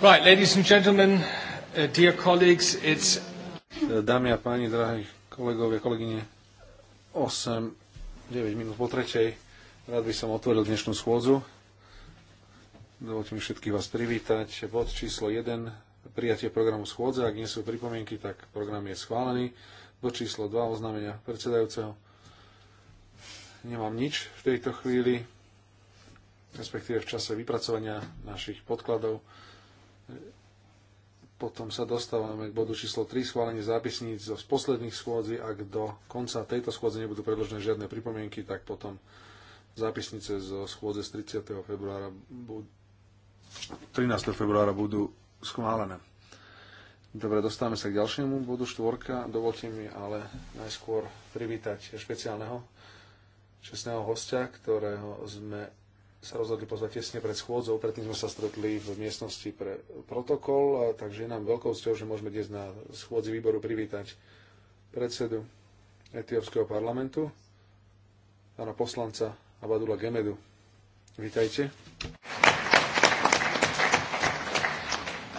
Right, ladies and gentlemen, uh, dear colleagues, it's... Dámy a páni, drahí kolegovia, kolegyne, 8, 9 minút po tretej. Rád by som otvoril dnešnú schôdzu. Dovolte mi všetkých vás privítať. Bod číslo 1, prijatie programu schôdze. Ak nie sú pripomienky, tak program je schválený. Bod číslo 2, oznámenia predsedajúceho. Nemám nič v tejto chvíli, respektíve v čase vypracovania našich podkladov potom sa dostávame k bodu číslo 3, schválenie zápisníc z posledných schôdzi. Ak do konca tejto schôdze nebudú predložené žiadne pripomienky, tak potom zápisnice zo schôdze z 30. februára budú. 13. februára budú schválené. Dobre, dostávame sa k ďalšiemu bodu štvorka. Dovolte mi ale najskôr privítať špeciálneho čestného hostia, ktorého sme sa rozhodli pozvať tesne pred schôdzou, predtým sme sa stretli v miestnosti pre protokol, a takže je nám veľkou cťou, že môžeme dnes na schôdzi výboru privítať predsedu Etiópskeho parlamentu, pána poslanca Abadula Gemedu. Vítajte.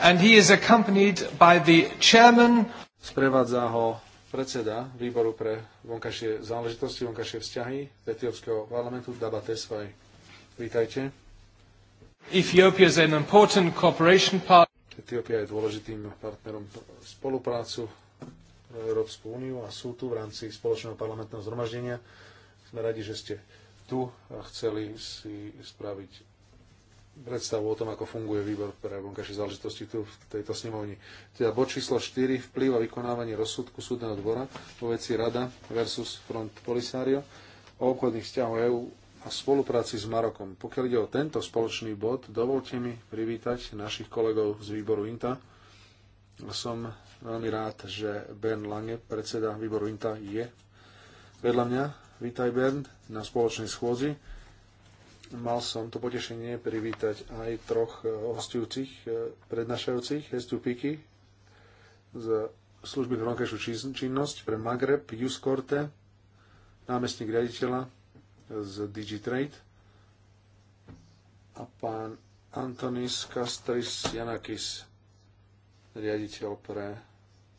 And he is accompanied by the chairman. Sprevádza ho predseda výboru pre vonkajšie záležitosti, vonkajšie vzťahy Etiópskeho parlamentu Daba Tesfaj. Vítajte. Ethiopia is an important cooperation partner. Etiópia je dôležitým partnerom spoluprácu pre Európsku úniu a sú tu v rámci spoločného parlamentného zhromaždenia. Sme radi, že ste tu a chceli si spraviť predstavu o tom, ako funguje výbor pre vonkajšie záležitosti tu v tejto snemovni. Teda bod číslo 4, vplyv a vykonávanie rozsudku súdneho dvora vo veci Rada versus Front Polisario o obchodných vzťahoch EÚ a spolupráci s Marokom. Pokiaľ ide o tento spoločný bod, dovolte mi privítať našich kolegov z výboru INTA. Som veľmi rád, že Bern Lange, predseda výboru INTA, je vedľa mňa. Vítaj Bern na spoločnej schôdzi. Mal som to potešenie privítať aj troch eh, hostujúcich, eh, prednášajúcich, Hestupiky z služby pre činnosť pre Magreb, Juskorte, námestník riaditeľa z Digitrade a pán Antonis Kastris Janakis, riaditeľ pre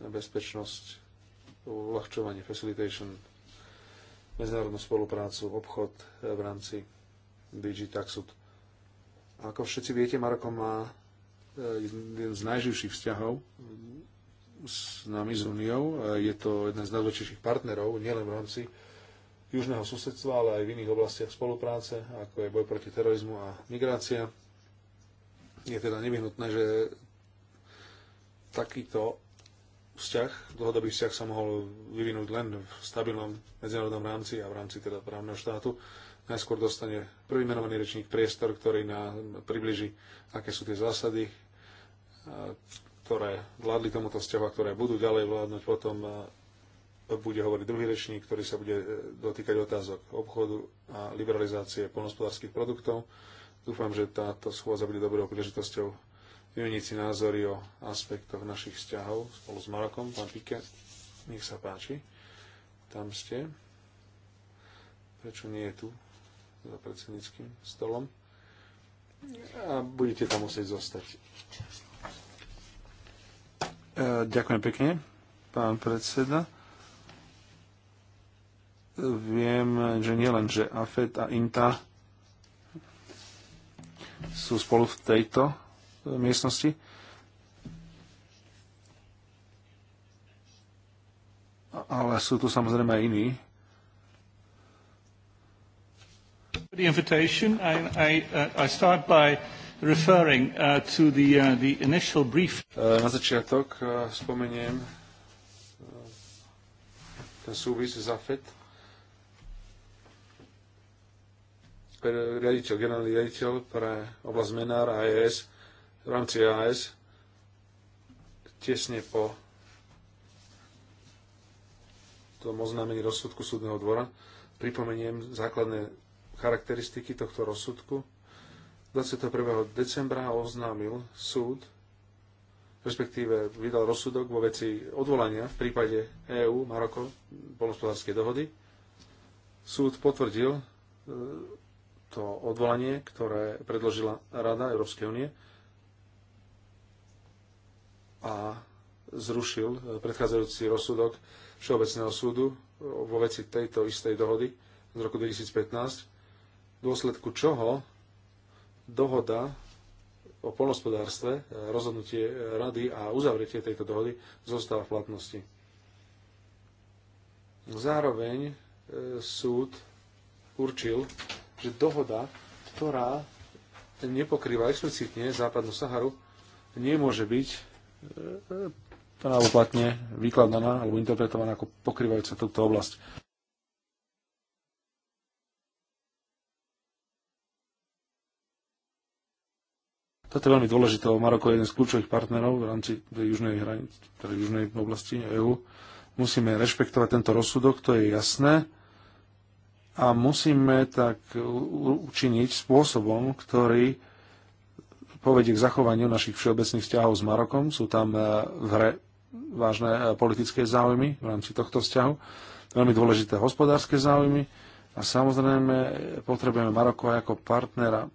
bezpečnosť, uľahčovanie, facilitation, medzinárodnú spoluprácu, obchod v rámci Digitaxud. Ako všetci viete, Marko má eh, jeden z najživších vzťahov s nami, s Uniou. Eh, je to jeden z najväčších partnerov, nielen v rámci južného susedstva, ale aj v iných oblastiach spolupráce, ako je boj proti terorizmu a migrácia. Je teda nevyhnutné, že takýto vzťah, dlhodobý vzťah sa mohol vyvinúť len v stabilnom medzinárodnom rámci a v rámci teda právneho štátu. Najskôr dostane prvý menovaný rečník priestor, ktorý nám približí, aké sú tie zásady, ktoré vládli tomuto vzťahu a ktoré budú ďalej vládnuť potom bude hovoriť druhý rečník, ktorý sa bude e, dotýkať otázok obchodu a liberalizácie polnospodárských produktov. Dúfam, že táto schôdza bude dobrou príležitosťou vymeniť si názory o aspektoch našich vzťahov spolu s Marokom. Pán Pike, nech sa páči. Tam ste. Prečo nie je tu za predsedníckým stolom? A budete tam musieť zostať. E, ďakujem pekne, pán predseda viem, že nielen, že AFET a INTA sú spolu v tejto e, miestnosti. Ale sú tu samozrejme aj iní. The invitation, I, I, uh, I start by referring uh, to the, uh, the initial brief. E, na začiatok uh, spomeniem uh, ten súvis za FED. riaditeľ, generálny riaditeľ pre oblasť Menár a AES v rámci AES tesne po tom oznámení rozsudku súdneho dvora. Pripomeniem základné charakteristiky tohto rozsudku. 21. decembra oznámil súd, respektíve vydal rozsudok vo veci odvolania v prípade EÚ, Maroko, polnospodárskej dohody. Súd potvrdil to odvolanie, ktoré predložila Rada Európskej únie a zrušil predchádzajúci rozsudok Všeobecného súdu vo veci tejto istej dohody z roku 2015, v dôsledku čoho dohoda o polnospodárstve, rozhodnutie rady a uzavretie tejto dohody zostáva v platnosti. Zároveň e, súd určil že dohoda, ktorá nepokrýva explicitne západnú Saharu, nemôže byť e, e, právoplatne vykladaná alebo interpretovaná ako pokrývajúca túto oblasť. Toto je veľmi dôležité. Maroko je jeden z kľúčových partnerov v rámci tej južnej hranice, tej južnej oblasti EÚ. Musíme rešpektovať tento rozsudok, to je jasné a musíme tak učiniť spôsobom, ktorý povedie k zachovaniu našich všeobecných vzťahov s Marokom. Sú tam e, v hre vážne e, politické záujmy v rámci tohto vzťahu, veľmi dôležité hospodárske záujmy a samozrejme potrebujeme Maroko ako partnera, e,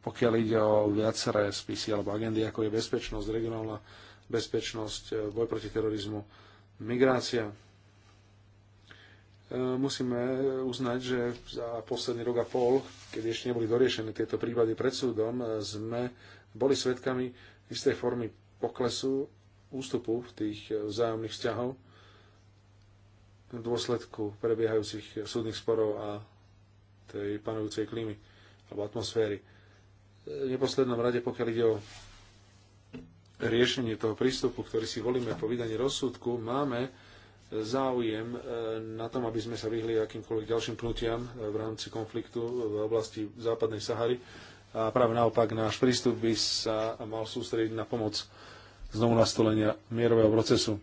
pokiaľ ide o viaceré spisy alebo agendy, ako je bezpečnosť, regionálna bezpečnosť, boj proti terorizmu, migrácia E, musíme e, uznať, že za posledný rok a pol, keď ešte neboli doriešené tieto prípady pred súdom, e, sme boli svedkami istej formy poklesu ústupu v tých vzájomných vzťahov v dôsledku prebiehajúcich súdnych sporov a tej panujúcej klímy alebo atmosféry. V neposlednom rade, pokiaľ ide o riešenie toho prístupu, ktorý si volíme po vydaní rozsudku, máme záujem e, na tom, aby sme sa vyhli akýmkoľvek ďalším pnutiam e, v rámci konfliktu v oblasti západnej Sahary. A práve naopak náš prístup by sa mal sústrediť na pomoc znovu nastolenia mierového procesu.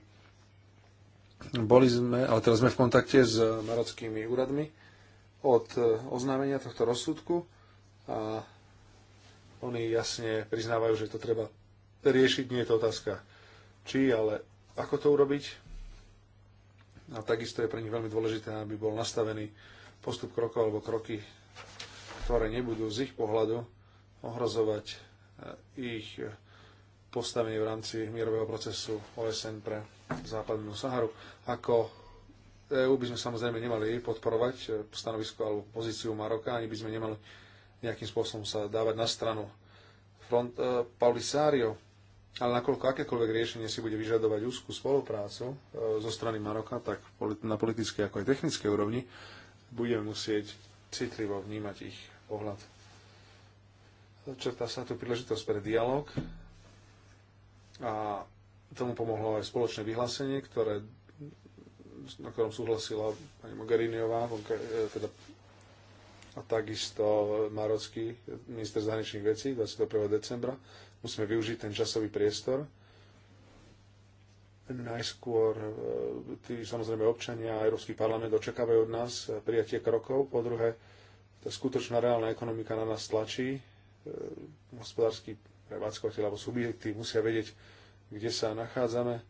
Boli sme, ale teraz sme v kontakte s marockými úradmi od e, oznámenia tohto rozsudku a oni jasne priznávajú, že to treba riešiť. Nie je to otázka či, ale ako to urobiť, a takisto je pre nich veľmi dôležité, aby bol nastavený postup krokov alebo kroky, ktoré nebudú z ich pohľadu ohrozovať e, ich postavenie v rámci mierového procesu OSN pre západnú Saharu. Ako EU by sme samozrejme nemali podporovať e, stanovisko alebo pozíciu Maroka, ani by sme nemali nejakým spôsobom sa dávať na stranu. Front, uh, e, Paulisario ale nakoľko akékoľvek riešenie si bude vyžadovať úzkú spoluprácu e, zo strany Maroka, tak na politickej ako aj technickej úrovni budeme musieť citlivo vnímať ich pohľad. Čertá sa tu príležitosť pre dialog a tomu pomohlo aj spoločné vyhlásenie, ktoré, na ktorom súhlasila pani Mogheriniová, e, teda a takisto Marocký minister zahraničných vecí 21. decembra Musíme využiť ten časový priestor. Najskôr e, tí samozrejme občania a Európsky parlament očakávajú od nás prijatie krokov. Po druhé, tá skutočná reálna ekonomika na nás tlačí. E, hospodársky prevádzkovateľ alebo subjekty musia vedieť, kde sa nachádzame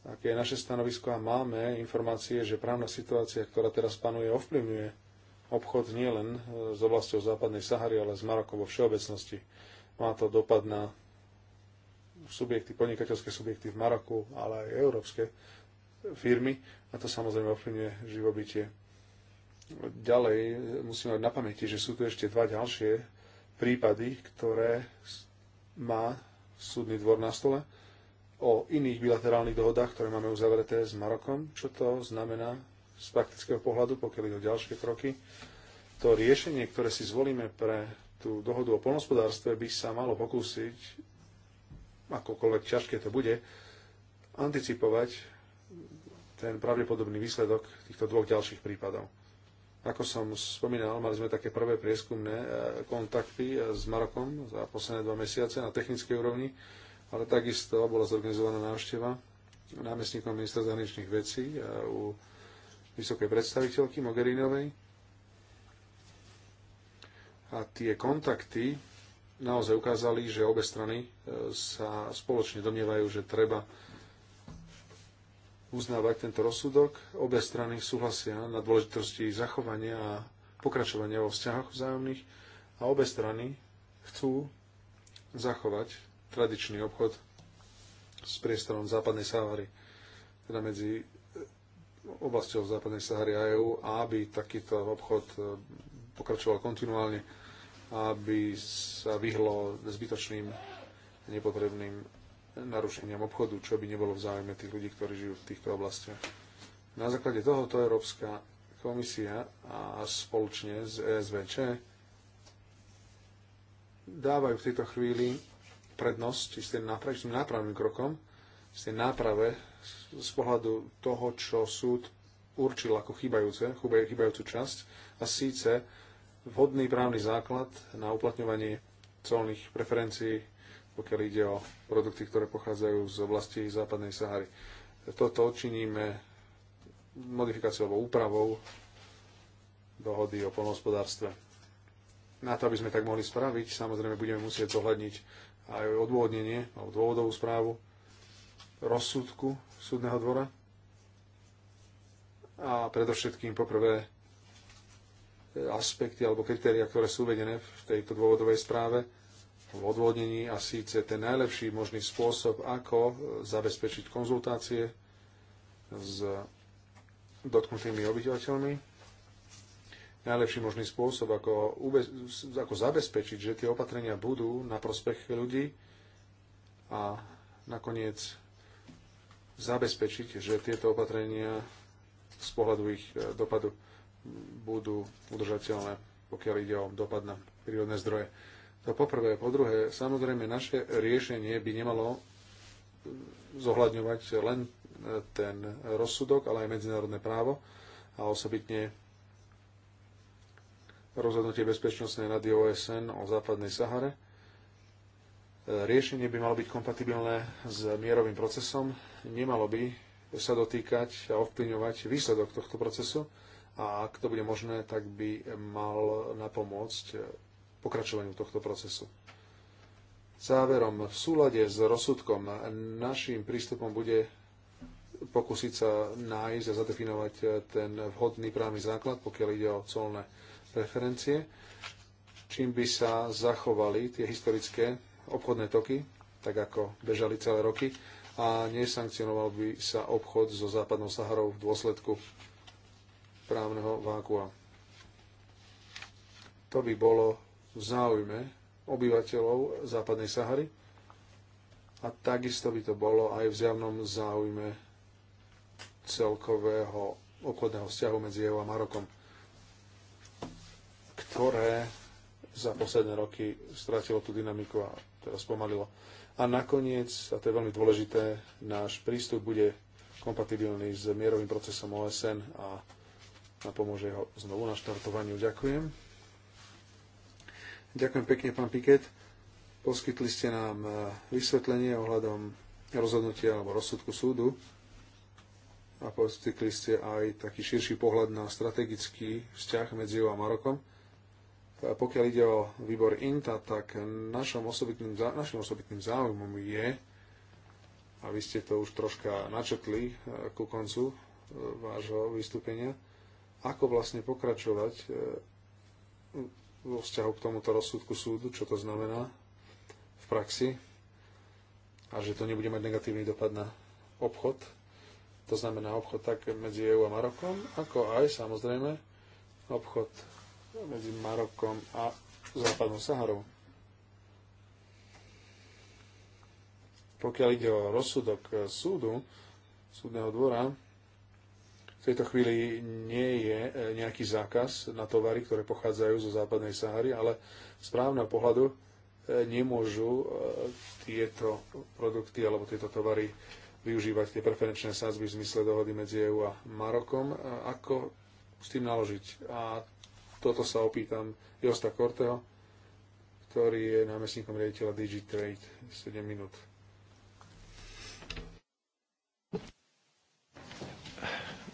aké je naše stanovisko a máme informácie, že právna situácia, ktorá teraz panuje, ovplyvňuje obchod nielen e, s oblasťou západnej Sahary, ale s Marokom vo všeobecnosti. Má to dopad na subjekty, podnikateľské subjekty v Maroku, ale aj európske firmy a to samozrejme ovplyvňuje živobytie. Ďalej musíme mať na pamäti, že sú tu ešte dva ďalšie prípady, ktoré má súdny dvor na stole o iných bilaterálnych dohodách, ktoré máme uzavreté s Marokom. Čo to znamená z praktického pohľadu, pokiaľ ide o ďalšie kroky? To riešenie, ktoré si zvolíme pre tú dohodu o polnospodárstve by sa malo pokúsiť, akokoľvek ťažké to bude, anticipovať ten pravdepodobný výsledok týchto dvoch ďalších prípadov. Ako som spomínal, mali sme také prvé prieskumné e, kontakty e, s Marokom za posledné dva mesiace na technickej úrovni, ale takisto bola zorganizovaná návšteva námestníkom ministra zahraničných vecí e, u vysokej predstaviteľky Mogherinovej a tie kontakty naozaj ukázali, že obe strany e, sa spoločne domnievajú, že treba uznávať tento rozsudok. Obe strany súhlasia na dôležitosti zachovania a pokračovania vo vzťahoch vzájomných a obe strany chcú zachovať tradičný obchod s priestorom západnej Sahary, teda medzi e, oblasťou západnej Sahary a EU, aby takýto obchod e, pokračoval kontinuálne, aby sa vyhlo zbytočným nepotrebným narušeniam obchodu, čo by nebolo v záujme tých ľudí, ktorí žijú v týchto oblastiach. Na základe tohoto Európska komisia a spoločne s ESVČ dávajú v tejto chvíli prednosť istým, náprav, istým nápravným krokom, tým náprave z pohľadu toho, čo súd určil ako chýbajúce, chýbajúcu časť, a síce vhodný právny základ na uplatňovanie colných preferencií, pokiaľ ide o produkty, ktoré pochádzajú z oblasti západnej Sahary. Toto činíme modifikáciou alebo úpravou dohody o polnohospodárstve. Na to, aby sme tak mohli spraviť, samozrejme budeme musieť zohľadniť aj odôvodnenie alebo dôvodovú správu rozsudku súdneho dvora a predovšetkým poprvé aspekty alebo kritéria, ktoré sú uvedené v tejto dôvodovej správe v odvodnení a síce ten najlepší možný spôsob, ako zabezpečiť konzultácie s dotknutými obyvateľmi. Najlepší možný spôsob, ako, ako zabezpečiť, že tie opatrenia budú na prospech ľudí a nakoniec zabezpečiť, že tieto opatrenia z pohľadu ich e, dopadu budú udržateľné, pokiaľ ide o dopad na prírodné zdroje. To poprvé. Po druhé, samozrejme, naše riešenie by nemalo e, zohľadňovať len e, ten rozsudok, ale aj medzinárodné právo a osobitne rozhodnutie Bezpečnostnej rady OSN o západnej Sahare. E, riešenie by malo byť kompatibilné s mierovým procesom, nemalo by sa dotýkať a ovplyvňovať výsledok tohto procesu a ak to bude možné, tak by mal napomôcť pokračovaniu tohto procesu. Záverom, v súlade s rozsudkom našim prístupom bude pokúsiť sa nájsť a zadefinovať ten vhodný právny základ, pokiaľ ide o colné preferencie, čím by sa zachovali tie historické obchodné toky, tak ako bežali celé roky, a nesankcionoval by sa obchod so západnou Saharou v dôsledku právneho vákua. To by bolo v záujme obyvateľov západnej Sahary a takisto by to bolo aj v zjavnom záujme celkového obchodného vzťahu medzi EU a Marokom, ktoré za posledné roky stratilo tú dynamiku a teraz pomalilo. A nakoniec, a to je veľmi dôležité, náš prístup bude kompatibilný s mierovým procesom OSN a a pomôže ho znovu na štartovaniu. Ďakujem. Ďakujem pekne, pán Piket. Poskytli ste nám e, vysvetlenie ohľadom rozhodnutia alebo rozsudku súdu a poskytli ste aj taký širší pohľad na strategický vzťah medzi EU a Marokom. E, pokiaľ ide o výbor INTA, tak našom osobitným, našim osobitným záujmom je, a vy ste to už troška načetli e, ku koncu vášho vystúpenia, ako vlastne pokračovať e, vo vzťahu k tomuto rozsudku súdu, čo to znamená v praxi a že to nebude mať negatívny dopad na obchod, to znamená obchod tak medzi EU a Marokom, ako aj samozrejme obchod medzi Marokom a Západnou Saharou. Pokiaľ ide o rozsudok e, súdu, súdneho dvora, v tejto chvíli nie je e, nejaký zákaz na tovary, ktoré pochádzajú zo západnej Sahary, ale z právneho pohľadu e, nemôžu e, tieto produkty alebo tieto tovary využívať tie preferenčné sázby v zmysle dohody medzi EU a Marokom. Ako s tým naložiť? A toto sa opýtam Josta Korteho, ktorý je námestníkom riaditeľa Digitrade. 7 minút.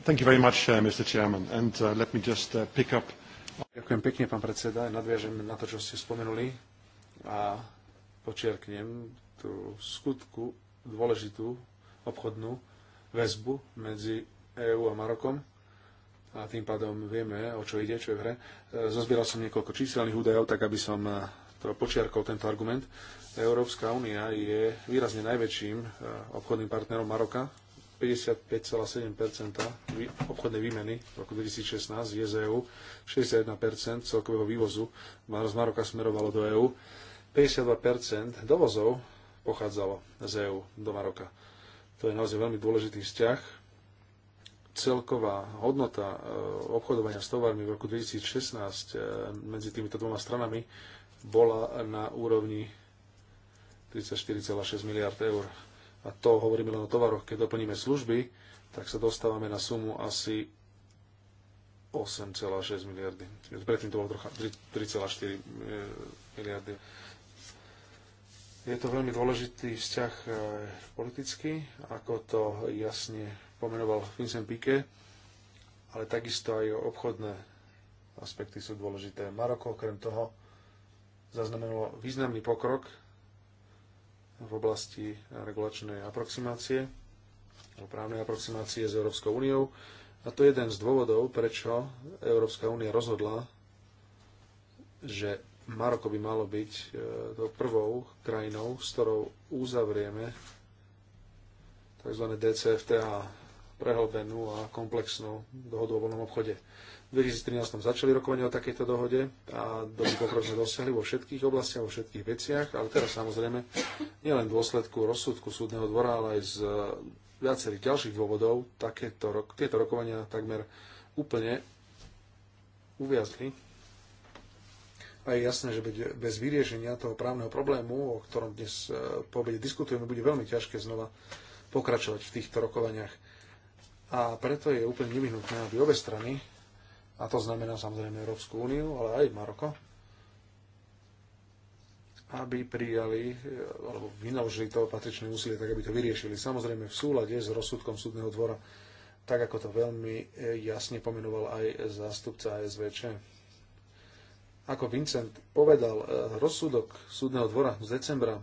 Thank you very much, uh, Mr. Chairman. And uh, let me just uh, pick up... Ďakujem pekne, pán predseda. Nadviažem na to, čo ste spomenuli a počiarknem tú skutku dôležitú obchodnú väzbu medzi EÚ a Marokom a tým pádom vieme, o čo ide, čo je v hre. E, zozbieral som niekoľko číselných údajov, tak aby som e, to počiarkol tento argument. Európska únia je výrazne najväčším e, obchodným partnerom Maroka 55,7 obchodnej výmeny v roku 2016 je z EÚ, 61 celkového vývozu z Maroka smerovalo do EÚ, 52 dovozov pochádzalo z EÚ do Maroka. To je naozaj veľmi dôležitý vzťah. Celková hodnota e, obchodovania s tovarmi v roku 2016 e, medzi týmito dvoma stranami bola na úrovni 34,6 miliard eur a to hovoríme len o tovaroch, keď doplníme služby, tak sa dostávame na sumu asi 8,6 miliardy. Predtým to bolo trocha 3,4 e, miliardy. Je to veľmi dôležitý vzťah e, politicky, ako to jasne pomenoval Vincent Pique, ale takisto aj obchodné aspekty sú dôležité. Maroko okrem toho zaznamenalo významný pokrok v oblasti regulačnej aproximácie, alebo právnej aproximácie s Európskou úniou. A to je jeden z dôvodov, prečo Európska únia rozhodla, že Maroko by malo byť e, tou prvou krajinou, s ktorou uzavrieme tzv. DCFTA, prehlbenú a komplexnú dohodu o voľnom obchode. V 2013 začali rokovania o takejto dohode a dobrý pokrok sme dosiahli vo všetkých oblastiach, vo všetkých veciach, ale teraz samozrejme nielen v dôsledku rozsudku súdneho dvora, ale aj z e, viacerých ďalších dôvodov takéto, tieto rokovania takmer úplne uviazli. A je jasné, že bez vyriešenia toho právneho problému, o ktorom dnes e, po obede diskutujeme, bude veľmi ťažké znova pokračovať v týchto rokovaniach. A preto je úplne nevyhnutné, aby obe strany a to znamená samozrejme Európsku úniu, ale aj Maroko, aby prijali alebo vynaložili to patričné úsilie, tak aby to vyriešili. Samozrejme v súlade s rozsudkom súdneho dvora, tak ako to veľmi eh, jasne pomenoval aj zástupca SVČ. Ako Vincent povedal, eh, rozsudok súdneho dvora z decembra,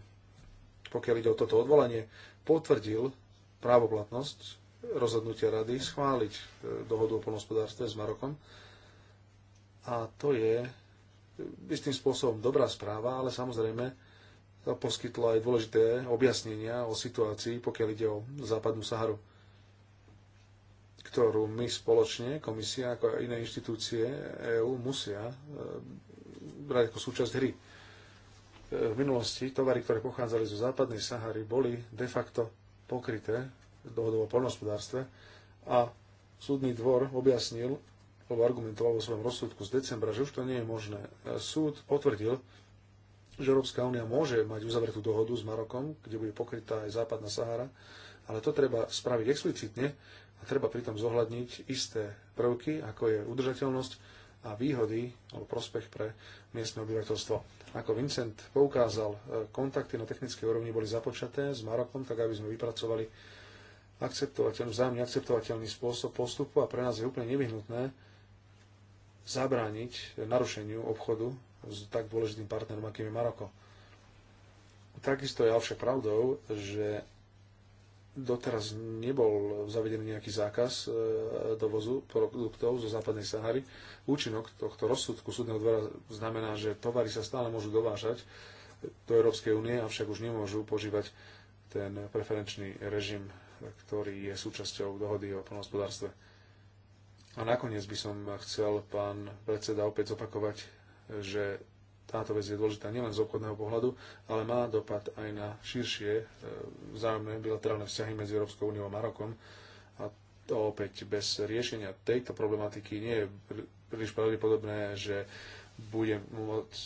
pokiaľ ide o toto odvolanie, potvrdil právoplatnosť rozhodnutia rady schváliť eh, dohodu o polnospodárstve s Marokom a to je istým spôsobom dobrá správa, ale samozrejme poskytlo aj dôležité objasnenia o situácii, pokiaľ ide o západnú Saharu, ktorú my spoločne, komisia ako iné inštitúcie EÚ musia e, brať ako súčasť hry. E, v minulosti tovary, ktoré pochádzali zo západnej Sahary, boli de facto pokryté dohodovo o poľnohospodárstve a súdny dvor objasnil, lebo argumentoval vo svojom rozsudku z decembra, že už to nie je možné. Súd potvrdil, že Európska únia môže mať uzavretú dohodu s Marokom, kde bude pokrytá aj západná Sahara, ale to treba spraviť explicitne a treba pritom zohľadniť isté prvky, ako je udržateľnosť a výhody alebo prospech pre miestne obyvateľstvo. Ako Vincent poukázal, e, kontakty na technickej úrovni boli započaté s Marokom, tak aby sme vypracovali akceptovateľný, vzájomne akceptovateľný spôsob postupu a pre nás je úplne nevyhnutné, zabrániť narušeniu obchodu s tak dôležitým partnerom, akým je Maroko. Takisto je avšak pravdou, že doteraz nebol zavedený nejaký zákaz e, dovozu produktov zo západnej Sahary. Účinok tohto rozsudku súdneho dvora znamená, že tovary sa stále môžu dovážať do Európskej únie, avšak už nemôžu požívať ten preferenčný režim, ktorý je súčasťou dohody o plnohospodárstve. A nakoniec by som chcel, pán predseda, opäť zopakovať, že táto vec je dôležitá nielen z obchodného pohľadu, ale má dopad aj na širšie e, vzájomné bilaterálne vzťahy medzi Európskou úniou a Marokom. A to opäť bez riešenia tejto problematiky nie je príliš pravdepodobné, že môcť,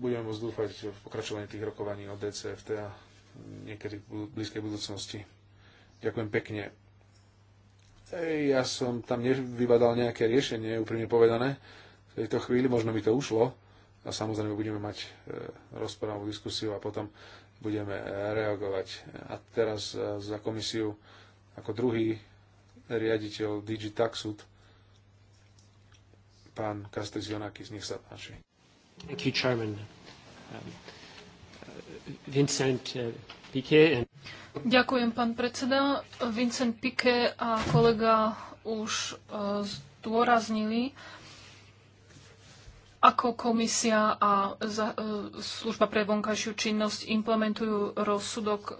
budeme môcť dúfať v pokračovaní tých rokovaní o DCFT a niekedy v blízkej budúcnosti. Ďakujem pekne. Ja som tam nevybadal nejaké riešenie, úprimne povedané. V tejto chvíli možno by to ušlo a samozrejme budeme mať e, rozprávnu diskusiu a potom budeme e, reagovať. A teraz e, za komisiu ako druhý riaditeľ Digitaxud, pán Jonakis, nech sa páči. Thank you, Chairman. Um, uh, Vincent, uh... Ďakujem, pán predseda. Vincent Piquet a kolega už eh, zdôraznili, ako komisia a e, služba pre vonkajšiu činnosť implementujú rozsudok e,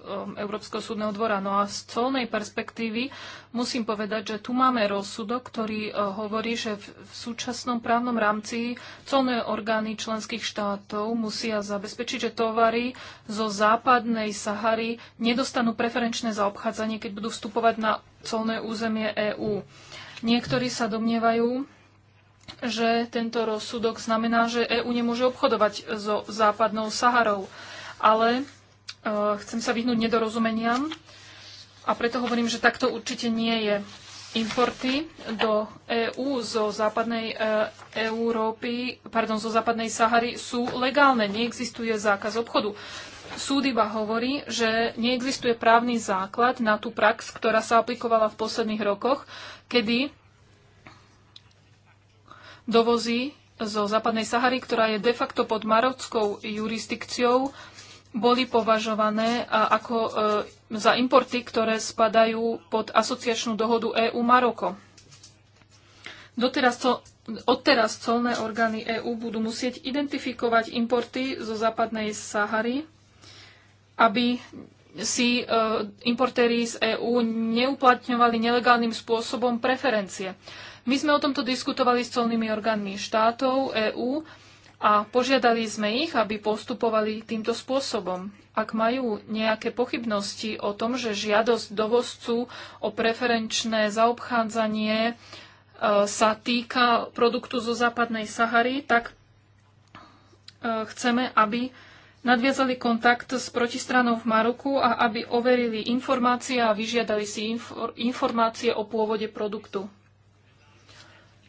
Európskeho súdneho dvora. No a z colnej perspektívy musím povedať, že tu máme rozsudok, ktorý e, hovorí, že v, v súčasnom právnom rámci colné orgány členských štátov musia zabezpečiť, že tovary zo západnej Sahary nedostanú preferenčné zaobchádzanie, keď budú vstupovať na colné územie EÚ. Niektorí sa domnievajú, že tento rozsudok znamená, že EÚ nemôže obchodovať so západnou Saharou. Ale e, chcem sa vyhnúť nedorozumeniam a preto hovorím, že takto určite nie je. Importy do EÚ zo západnej e, Európy, pardon, zo západnej Sahary sú legálne, neexistuje zákaz obchodu. Súd iba hovorí, že neexistuje právny základ na tú prax, ktorá sa aplikovala v posledných rokoch, kedy dovozy zo západnej Sahary, ktorá je de facto pod marockou jurisdikciou, boli považované ako e, za importy, ktoré spadajú pod asociačnú dohodu EU-Maroko. Doteraz to, odteraz colné orgány EÚ budú musieť identifikovať importy zo západnej Sahary, aby si e, importéri z EÚ neuplatňovali nelegálnym spôsobom preferencie. My sme o tomto diskutovali s colnými orgánmi štátov EÚ a požiadali sme ich, aby postupovali týmto spôsobom. Ak majú nejaké pochybnosti o tom, že žiadosť dovozcu o preferenčné zaobchádzanie e, sa týka produktu zo západnej Sahary, tak e, chceme, aby nadviazali kontakt s protistranou v Maroku a aby overili informácie a vyžiadali si infor- informácie o pôvode produktu.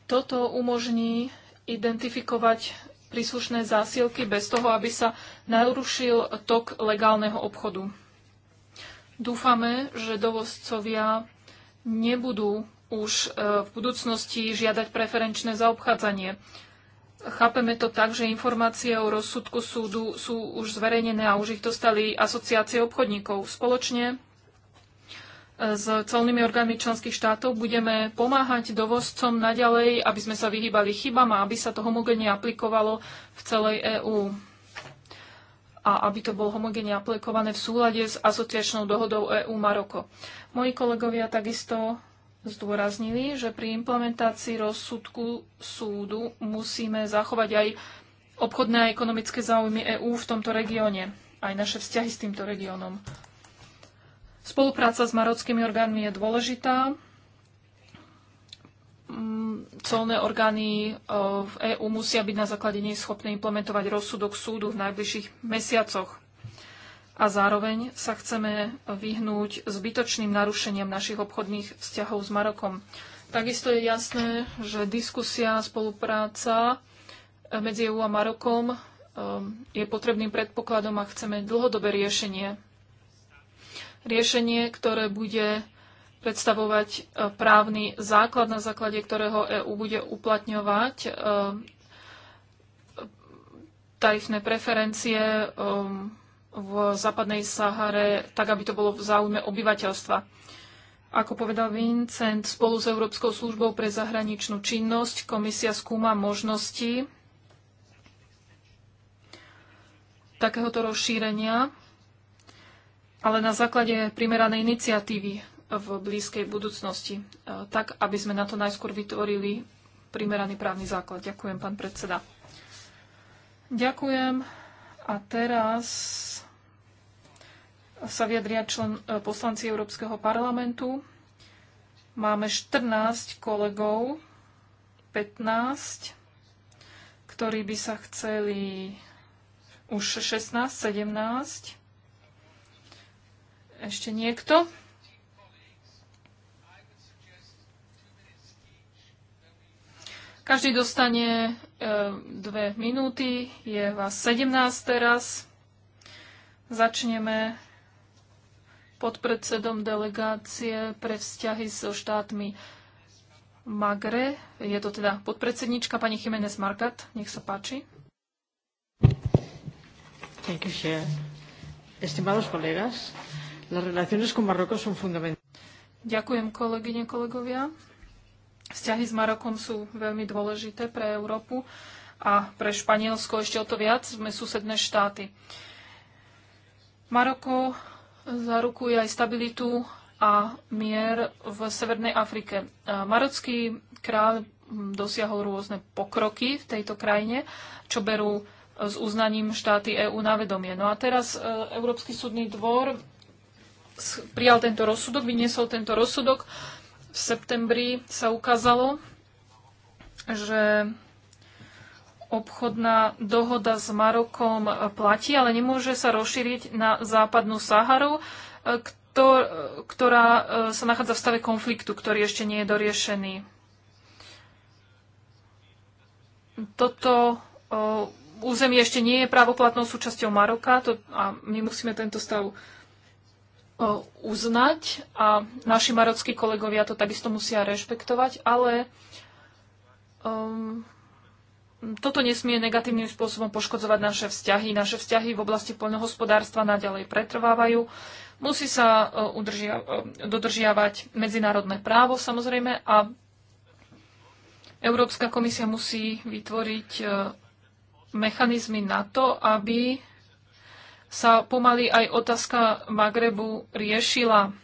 Toto umožní identifikovať príslušné zásielky bez toho, aby sa narušil tok legálneho obchodu. Dúfame, že dovozcovia nebudú už e, v budúcnosti žiadať preferenčné zaobchádzanie. Chápeme to tak, že informácie o rozsudku súdu sú už zverejnené a už ich dostali asociácie obchodníkov. Spoločne e, s celnými orgánmi členských štátov budeme pomáhať dovozcom naďalej, aby sme sa vyhýbali chybám a aby sa to homogénne aplikovalo v celej EÚ a aby to bolo homogénne aplikované v súlade s asociačnou dohodou EÚ Maroko. Moji kolegovia takisto zdôraznili, že pri implementácii rozsudku súdu musíme zachovať aj obchodné a ekonomické záujmy EÚ v tomto regióne, aj naše vzťahy s týmto regiónom. Spolupráca s marockými orgánmi je dôležitá. Mm, colné orgány e, v EÚ musia byť na základe nej schopné implementovať rozsudok súdu v najbližších mesiacoch a zároveň sa chceme vyhnúť zbytočným narušeniam našich obchodných vzťahov s Marokom. Takisto je jasné, že diskusia a spolupráca medzi EU a Marokom um, je potrebným predpokladom a chceme dlhodobé riešenie. Riešenie, ktoré bude predstavovať e, právny základ, na základe ktorého EÚ bude uplatňovať e, e, tarifné preferencie, um, v západnej Sahare, tak aby to bolo v záujme obyvateľstva. Ako povedal Vincent, spolu s Európskou službou pre zahraničnú činnosť komisia skúma možnosti takéhoto rozšírenia, ale na základe primeranej iniciatívy v blízkej budúcnosti, e, tak aby sme na to najskôr vytvorili primeraný právny základ. Ďakujem, pán predseda. Ďakujem. A teraz sa vyjadria člen, e, poslanci Európskeho parlamentu. Máme 14 kolegov, 15, ktorí by sa chceli už 16, 17. Ešte niekto? Každý dostane Ehm, dve minúty. Je vás 17 teraz. Začneme podpredsedom delegácie pre vzťahy so štátmi Magre. Je to teda podpredsednička pani Jiménez Markat. Nech sa páči. Ďakujem, kolegyne, kolegovia. Vzťahy s Marokom sú veľmi dôležité pre Európu a pre Španielsko ešte o to viac sme susedné štáty. Maroko zarukuje aj stabilitu a mier v Severnej Afrike. Marocký kráľ dosiahol rôzne pokroky v tejto krajine, čo berú s uznaním štáty EÚ na vedomie. No a teraz e, Európsky súdny dvor prijal tento rozsudok, vyniesol tento rozsudok, v septembri sa ukázalo, že obchodná dohoda s Marokom platí, ale nemôže sa rozšíriť na západnú Saharu, ktorá e, sa nachádza v stave konfliktu, ktorý ešte nie je doriešený. Toto e, územie ešte nie je právoplatnou súčasťou Maroka to, a my musíme tento stav E, uznať a naši marockí kolegovia to takisto musia rešpektovať, ale um, toto nesmie negatívnym spôsobom poškodzovať naše vzťahy. Naše vzťahy v oblasti poľnohospodárstva naďalej pretrvávajú. Musí sa uh, udržia, uh, dodržiavať medzinárodné právo samozrejme a Európska komisia musí vytvoriť uh, mechanizmy na to, aby sa pomaly aj otázka Magrebu riešila.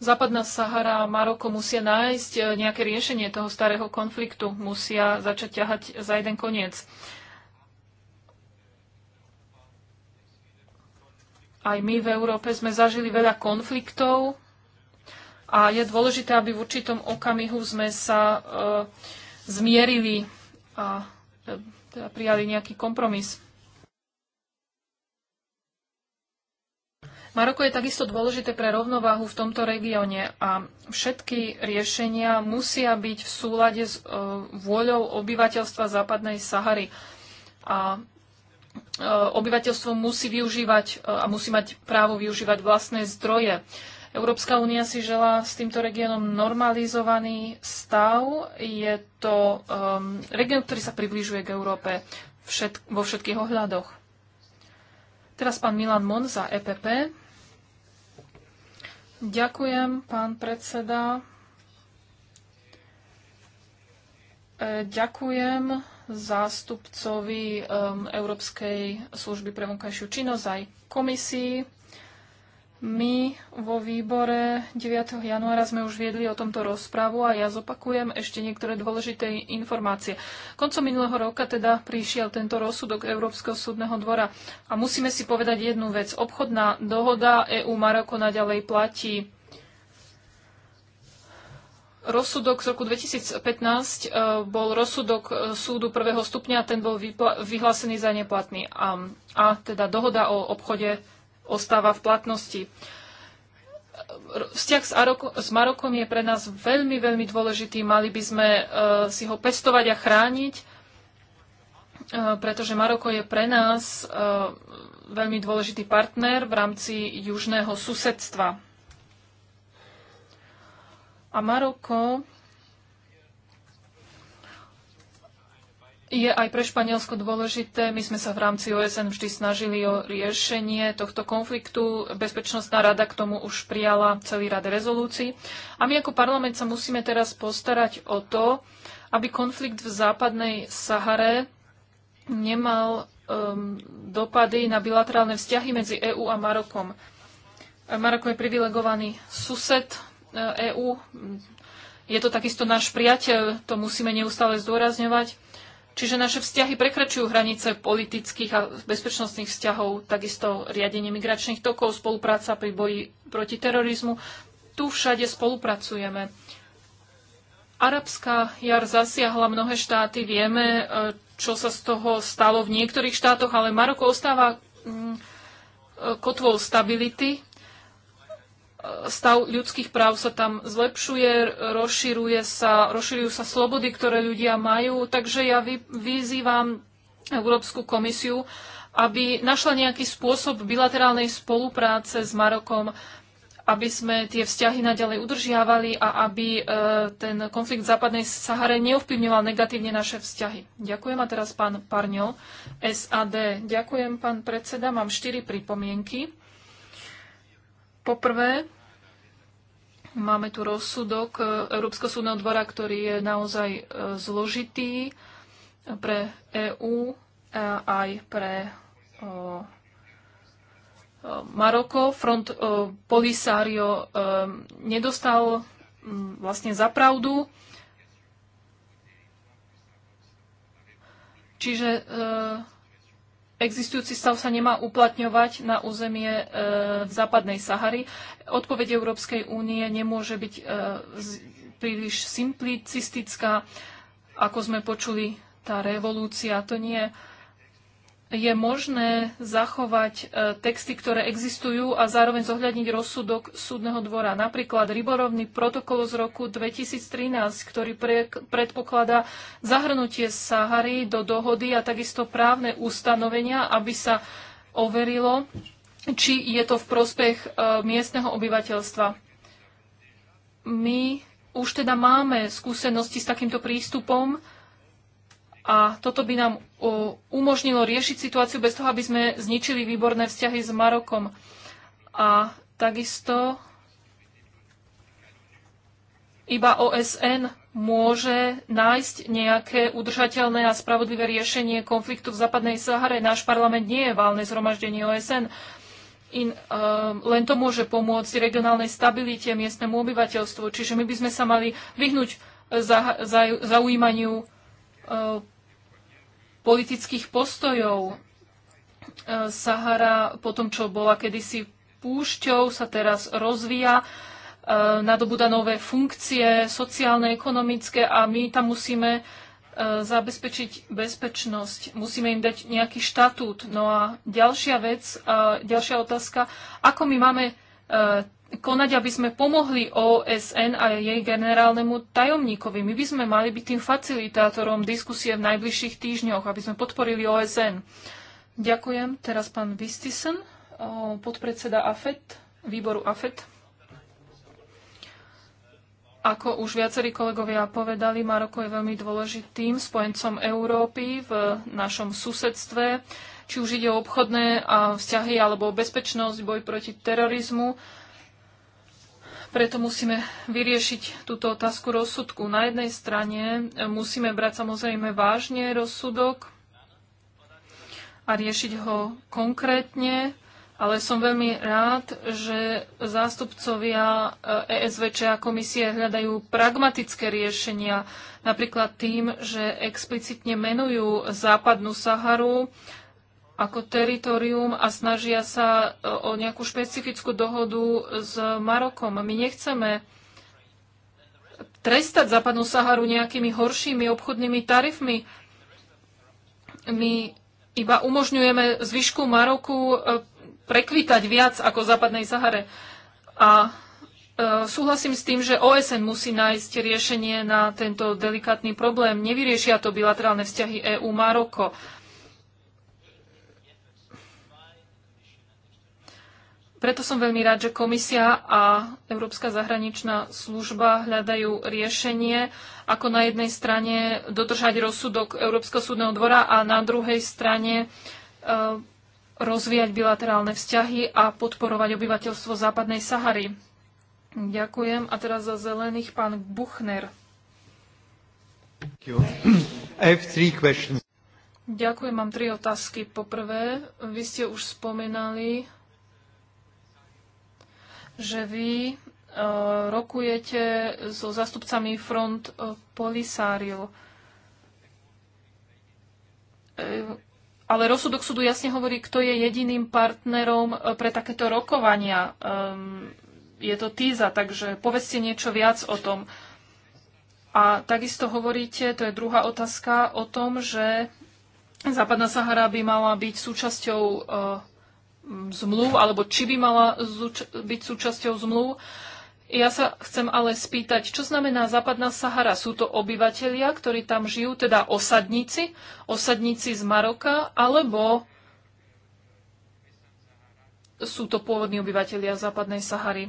Západná Sahara a Maroko musia nájsť e, nejaké riešenie toho starého konfliktu. Musia začať ťahať za jeden koniec. Aj my v Európe sme zažili veľa konfliktov a je dôležité, aby v určitom okamihu sme sa e, zmierili a e, teda prijali nejaký kompromis. Maroko je takisto dôležité pre rovnováhu v tomto regióne a všetky riešenia musia byť v súlade s e, vôľou obyvateľstva západnej Sahary. A e, obyvateľstvo musí využívať e, a musí mať právo využívať vlastné zdroje. Európska únia si želá s týmto regiónom normalizovaný stav. Je to um, región, ktorý sa približuje k Európe všet, vo všetkých ohľadoch. Teraz pán Milan Mon za EPP. Ďakujem, pán predseda. E, ďakujem zástupcovi um, Európskej služby pre vonkajšiu činnosť aj komisii my vo výbore 9. januára sme už viedli o tomto rozprávu a ja zopakujem ešte niektoré dôležité informácie. Koncom minulého roka teda prišiel tento rozsudok Európskeho súdneho dvora a musíme si povedať jednu vec. Obchodná dohoda EU-Maroko naďalej platí. Rozsudok z roku 2015 e, bol rozsudok e, súdu prvého stupňa, a ten bol vyhlásený za neplatný. A, a teda dohoda o obchode ostáva v platnosti. Vzťah s, Aroko, s Marokom je pre nás veľmi, veľmi dôležitý. Mali by sme uh, si ho pestovať a chrániť, uh, pretože Maroko je pre nás uh, veľmi dôležitý partner v rámci južného susedstva. A Maroko je aj pre Španielsko dôležité. My sme sa v rámci OSN vždy snažili o riešenie tohto konfliktu. Bezpečnostná rada k tomu už prijala celý rad rezolúcií. A my ako parlament sa musíme teraz postarať o to, aby konflikt v západnej Sahare nemal um, dopady na bilaterálne vzťahy medzi EÚ a Marokom. Maroko je privilegovaný sused uh, EÚ. Je to takisto náš priateľ, to musíme neustále zdôrazňovať. Čiže naše vzťahy prekračujú hranice politických a bezpečnostných vzťahov, takisto riadenie migračných tokov, spolupráca pri boji proti terorizmu. Tu všade spolupracujeme. Arabská jar zasiahla mnohé štáty. Vieme, e, čo sa z toho stalo v niektorých štátoch, ale Maroko ostáva mm, e, kotvou stability stav ľudských práv sa tam zlepšuje, rozširuje sa, rozširujú sa slobody, ktoré ľudia majú. Takže ja vy, vyzývam Európsku komisiu, aby našla nejaký spôsob bilaterálnej spolupráce s Marokom, aby sme tie vzťahy naďalej udržiavali a aby e, ten konflikt v západnej Sahare neovplyvňoval negatívne naše vzťahy. Ďakujem a teraz pán Parňo, SAD. Ďakujem, pán predseda. Mám štyri pripomienky. Poprvé, máme tu rozsudok e, Európskeho súdneho dvora, ktorý je naozaj e, zložitý pre EÚ a aj pre o, Maroko. Front o, Polisario o, e, nedostal vlastne za pravdu. Čiže e, existujúci stav sa nemá uplatňovať na územie e, v západnej Sahary. Odpoveď Európskej únie nemôže byť e, príliš simplicistická, ako sme počuli, tá revolúcia to nie je je možné zachovať e, texty, ktoré existujú a zároveň zohľadniť rozsudok súdneho dvora. Napríklad ryborovný protokol z roku 2013, ktorý pre, predpokladá zahrnutie Sahary do dohody a takisto právne ustanovenia, aby sa overilo, či je to v prospech e, miestneho obyvateľstva. My už teda máme skúsenosti s takýmto prístupom, a toto by nám umožnilo riešiť situáciu bez toho, aby sme zničili výborné vzťahy s Marokom. A takisto iba OSN môže nájsť nejaké udržateľné a spravodlivé riešenie konfliktu v západnej Sahare. Náš parlament nie je válne zhromaždenie OSN. In, uh, len to môže pomôcť regionálnej stabilite, miestnemu obyvateľstvu. Čiže my by sme sa mali vyhnúť za, za, zaujímaniu uh, politických postojov. E, Sahara, po tom, čo bola kedysi púšťou, sa teraz rozvíja, e, nadobúda nové funkcie, sociálne, ekonomické a my tam musíme e, zabezpečiť bezpečnosť, musíme im dať nejaký štatút. No a ďalšia vec, ďalšia otázka, ako my máme konať, aby sme pomohli OSN a jej generálnemu tajomníkovi. My by sme mali byť tým facilitátorom diskusie v najbližších týždňoch, aby sme podporili OSN. Ďakujem. Teraz pán Vistisen, podpredseda AFET, výboru AFET. Ako už viacerí kolegovia povedali, Maroko je veľmi dôležitým spojencom Európy v našom susedstve, či už ide o obchodné vzťahy alebo o bezpečnosť, boj proti terorizmu preto musíme vyriešiť túto otázku rozsudku. Na jednej strane e, musíme brať samozrejme vážne rozsudok a riešiť ho konkrétne, ale som veľmi rád, že zástupcovia ESVČ e a komisie hľadajú pragmatické riešenia, napríklad tým, že explicitne menujú západnú Saharu ako teritorium a snažia sa e, o nejakú špecifickú dohodu s Marokom. My nechceme trestať západnú Saharu nejakými horšími obchodnými tarifmi. My iba umožňujeme zvyšku Maroku e, prekvitať viac ako západnej Sahare. A e, súhlasím s tým, že OSN musí nájsť riešenie na tento delikátny problém. Nevyriešia to bilaterálne vzťahy EU-Maroko. Preto som veľmi rád, že komisia a Európska zahraničná služba hľadajú riešenie, ako na jednej strane dodržať rozsudok Európskeho súdneho dvora a na druhej strane e, rozvíjať bilaterálne vzťahy a podporovať obyvateľstvo západnej Sahary. Ďakujem. A teraz za zelených pán Buchner. Ďakujem. Mám tri otázky. Poprvé, vy ste už spomenali že vy e, rokujete so zastupcami front e, Polisario. E, ale rozsudok súdu jasne hovorí, kto je jediným partnerom pre takéto rokovania. Ehm, je to TISA, takže povedzte niečo viac o tom. A takisto hovoríte, to je druhá otázka, o tom, že Západná Sahara by mala byť súčasťou Mm, zmluv, alebo či by mala byť súčasťou zmluv. Ja sa chcem ale spýtať, čo znamená západná Sahara? Sú to obyvatelia, ktorí tam žijú, teda osadníci, osadníci z Maroka, alebo sú to pôvodní obyvatelia západnej Sahary?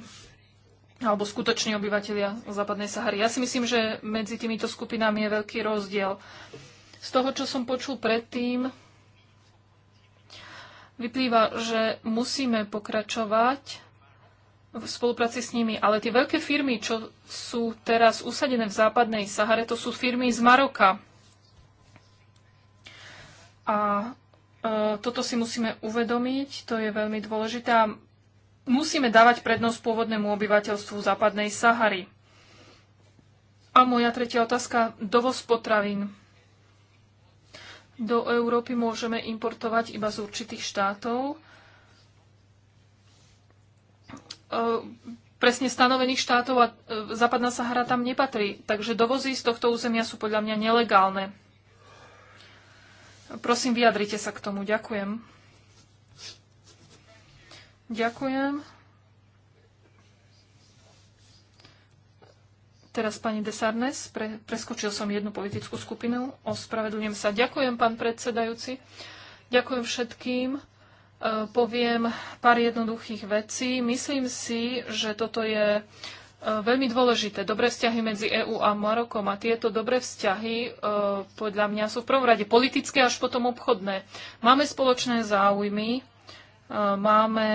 Alebo skutoční obyvatelia západnej Sahary. Ja si myslím, že medzi týmito skupinami je veľký rozdiel. Z toho, čo som počul predtým, vyplýva, že musíme pokračovať v spolupráci s nimi. Ale tie veľké firmy, čo sú teraz usadené v západnej Sahare, to sú firmy z Maroka. A e, toto si musíme uvedomiť, to je veľmi dôležité. Musíme dávať prednosť pôvodnému obyvateľstvu západnej Sahary. A moja tretia otázka, dovoz potravín do Európy môžeme importovať iba z určitých štátov, e, presne stanovených štátov a e, západná Sahara tam nepatrí. Takže dovozy z tohto územia sú podľa mňa nelegálne. Prosím, vyjadrite sa k tomu. Ďakujem. Ďakujem. Teraz pani Desarnes, pre, preskočil som jednu politickú skupinu, ospravedlňujem sa. Ďakujem, pán predsedajúci. Ďakujem všetkým. E, poviem pár jednoduchých vecí. Myslím si, že toto je e, veľmi dôležité. Dobré vzťahy medzi EÚ a Marokom a tieto dobré vzťahy e, podľa mňa sú v prvom rade politické až potom obchodné. Máme spoločné záujmy Máme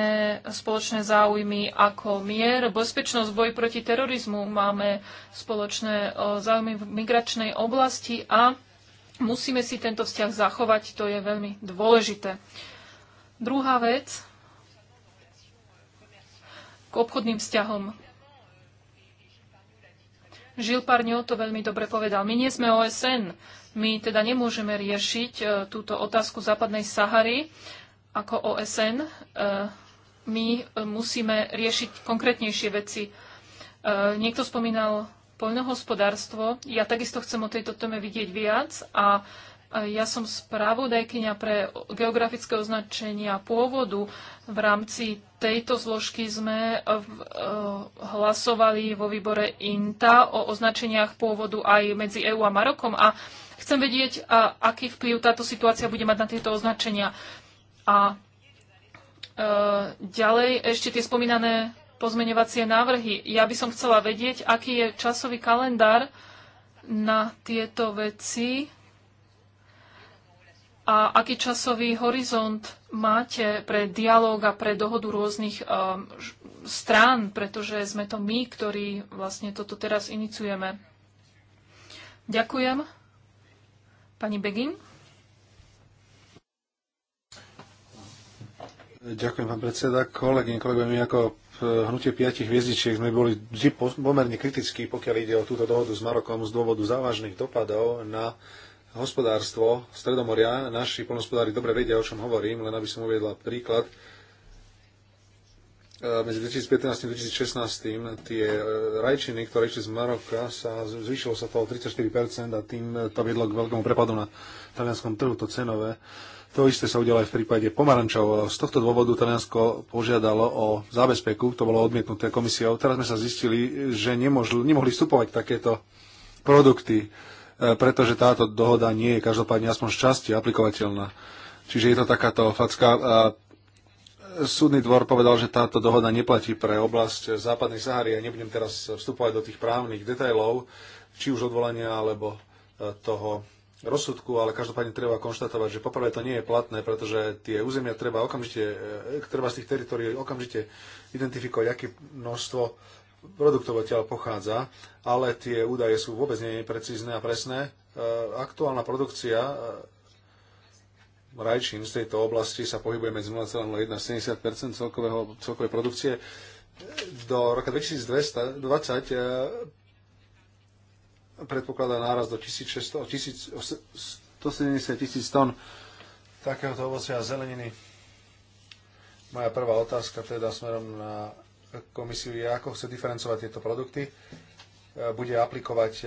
spoločné záujmy ako mier, bezpečnosť, boj proti terorizmu, máme spoločné e, záujmy v migračnej oblasti a musíme si tento vzťah zachovať, to je veľmi dôležité. Druhá vec k obchodným vzťahom. Žil Parňo to veľmi dobre povedal. My nie sme OSN, my teda nemôžeme riešiť e, túto otázku západnej Sahary, ako OSN eh, my eh, musíme riešiť konkrétnejšie veci. Eh, niekto spomínal poľnohospodárstvo. Ja takisto chcem o tejto téme vidieť viac a ja som spravodajkyňa pre geografické označenia pôvodu. V rámci tejto zložky sme hlasovali vo výbore INTA o označeniach pôvodu aj medzi EÚ a Marokom a chcem vedieť, aký vplyv táto situácia bude mať na tieto označenia. A e, ďalej ešte tie spomínané pozmeňovacie návrhy. Ja by som chcela vedieť, aký je časový kalendár na tieto veci a aký časový horizont máte pre dialog a pre dohodu rôznych um, strán, pretože sme to my, ktorí vlastne toto teraz iniciujeme. Ďakujem. Pani Begin. Ďakujem, pán predseda. Kolegyne, kolegovia, my ako e, hnutie piatich hviezdičiek sme boli vždy pomerne kritickí, pokiaľ ide o túto dohodu s Marokom z dôvodu závažných dopadov na hospodárstvo Stredomoria. Naši polnospodári dobre vedia, o čom hovorím, len aby som uviedla príklad. E, medzi 2015 a 2016 tie e, rajčiny, ktoré išli z Maroka, sa zvýšilo sa to o 34% a tým to viedlo k veľkému prepadu na talianskom trhu, to cenové. To isté sa udialo aj v prípade pomarančov. Z tohto dôvodu Taliansko požiadalo o zábezpeku, to bolo odmietnuté komisiou. Teraz sme sa zistili, že nemohli, nemohli vstupovať takéto produkty, e, pretože táto dohoda nie je každopádne aspoň z časti aplikovateľná. Čiže je to takáto facka. A súdny dvor povedal, že táto dohoda neplatí pre oblasť západnej Sahary. Ja nebudem teraz vstupovať do tých právnych detajlov, či už odvolania alebo e, toho rozsudku, ale každopádne treba konštatovať, že poprvé to nie je platné, pretože tie územia treba okamžite, e, treba z tých teritorií okamžite identifikovať, aké množstvo produktov odtiaľ pochádza, ale tie údaje sú vôbec nie precízne a presné. E, aktuálna produkcia e, rajčín z tejto oblasti sa pohybuje medzi 0,01 a 70 celkového, celkovej produkcie. Do roka 2020 predpokladá náraz do 1600, 170 tisíc tón takéhoto ovocia a zeleniny. Moja prvá otázka teda smerom na komisiu je, ako chce diferencovať tieto produkty. E, bude aplikovať e,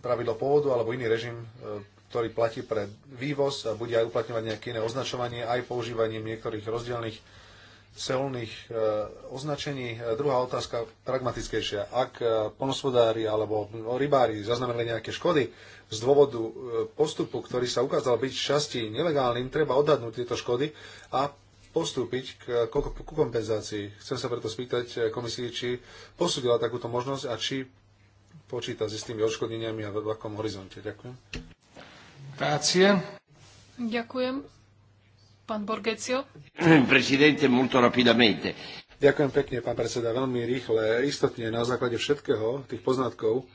pravidlo pôvodu alebo iný režim, e, ktorý platí pre vývoz a bude aj uplatňovať nejaké iné označovanie aj používaním niektorých rozdielných celných e, označení. E, druhá otázka, pragmatickejšia. Ak e, ponospodári alebo rybári zaznamenali nejaké škody z dôvodu postupu, ktorý sa ukázal byť časti nelegálnym, treba odhadnúť tieto škody a postúpiť k, kompenzácii. Chcem sa preto spýtať komisii, či posúdila takúto možnosť a či počíta s istými odškodneniami a v akom horizonte. Ďakujem. Ďakujem. Pán Borgecio. molto rapidamente. Ďakujem pekne, pán predseda, veľmi rýchle. Istotne na základe všetkého, tých poznatkov,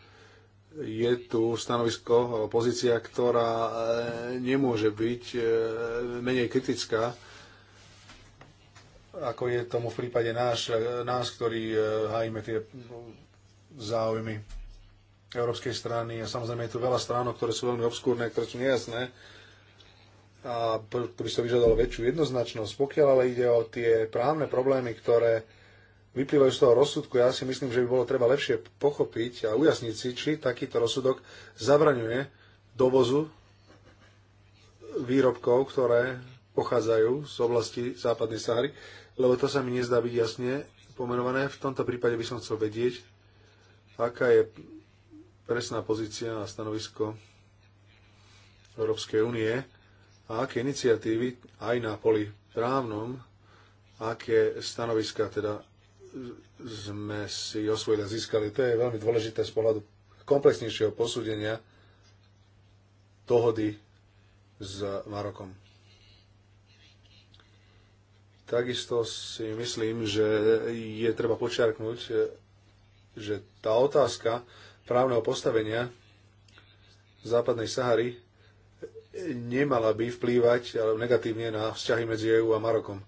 je tu stanovisko, pozícia, ktorá eh, nemôže byť eh, menej kritická, ako je tomu v prípade náš, nás, ktorí eh, hájime tie no, záujmy európskej strany. A samozrejme je tu veľa stránok, ktoré sú veľmi obskúrne, ktoré sú nejasné a to by sa vyžadalo väčšiu jednoznačnosť. Pokiaľ ale ide o tie právne problémy, ktoré vyplývajú z toho rozsudku, ja si myslím, že by bolo treba lepšie pochopiť a ujasniť si, či takýto rozsudok zabraňuje dovozu výrobkov, ktoré pochádzajú z oblasti západnej Sahary, lebo to sa mi nezdá byť jasne pomenované. V tomto prípade by som chcel vedieť, aká je presná pozícia a stanovisko Európskej únie a aké iniciatívy aj na poli právnom, aké stanoviska teda sme si osvojili a získali. To je veľmi dôležité z pohľadu komplexnejšieho posúdenia dohody s Marokom. Takisto si myslím, že je treba počiarknúť, že tá otázka právneho postavenia západnej Sahary nemala by vplývať negatívne na vzťahy medzi EÚ a Marokom.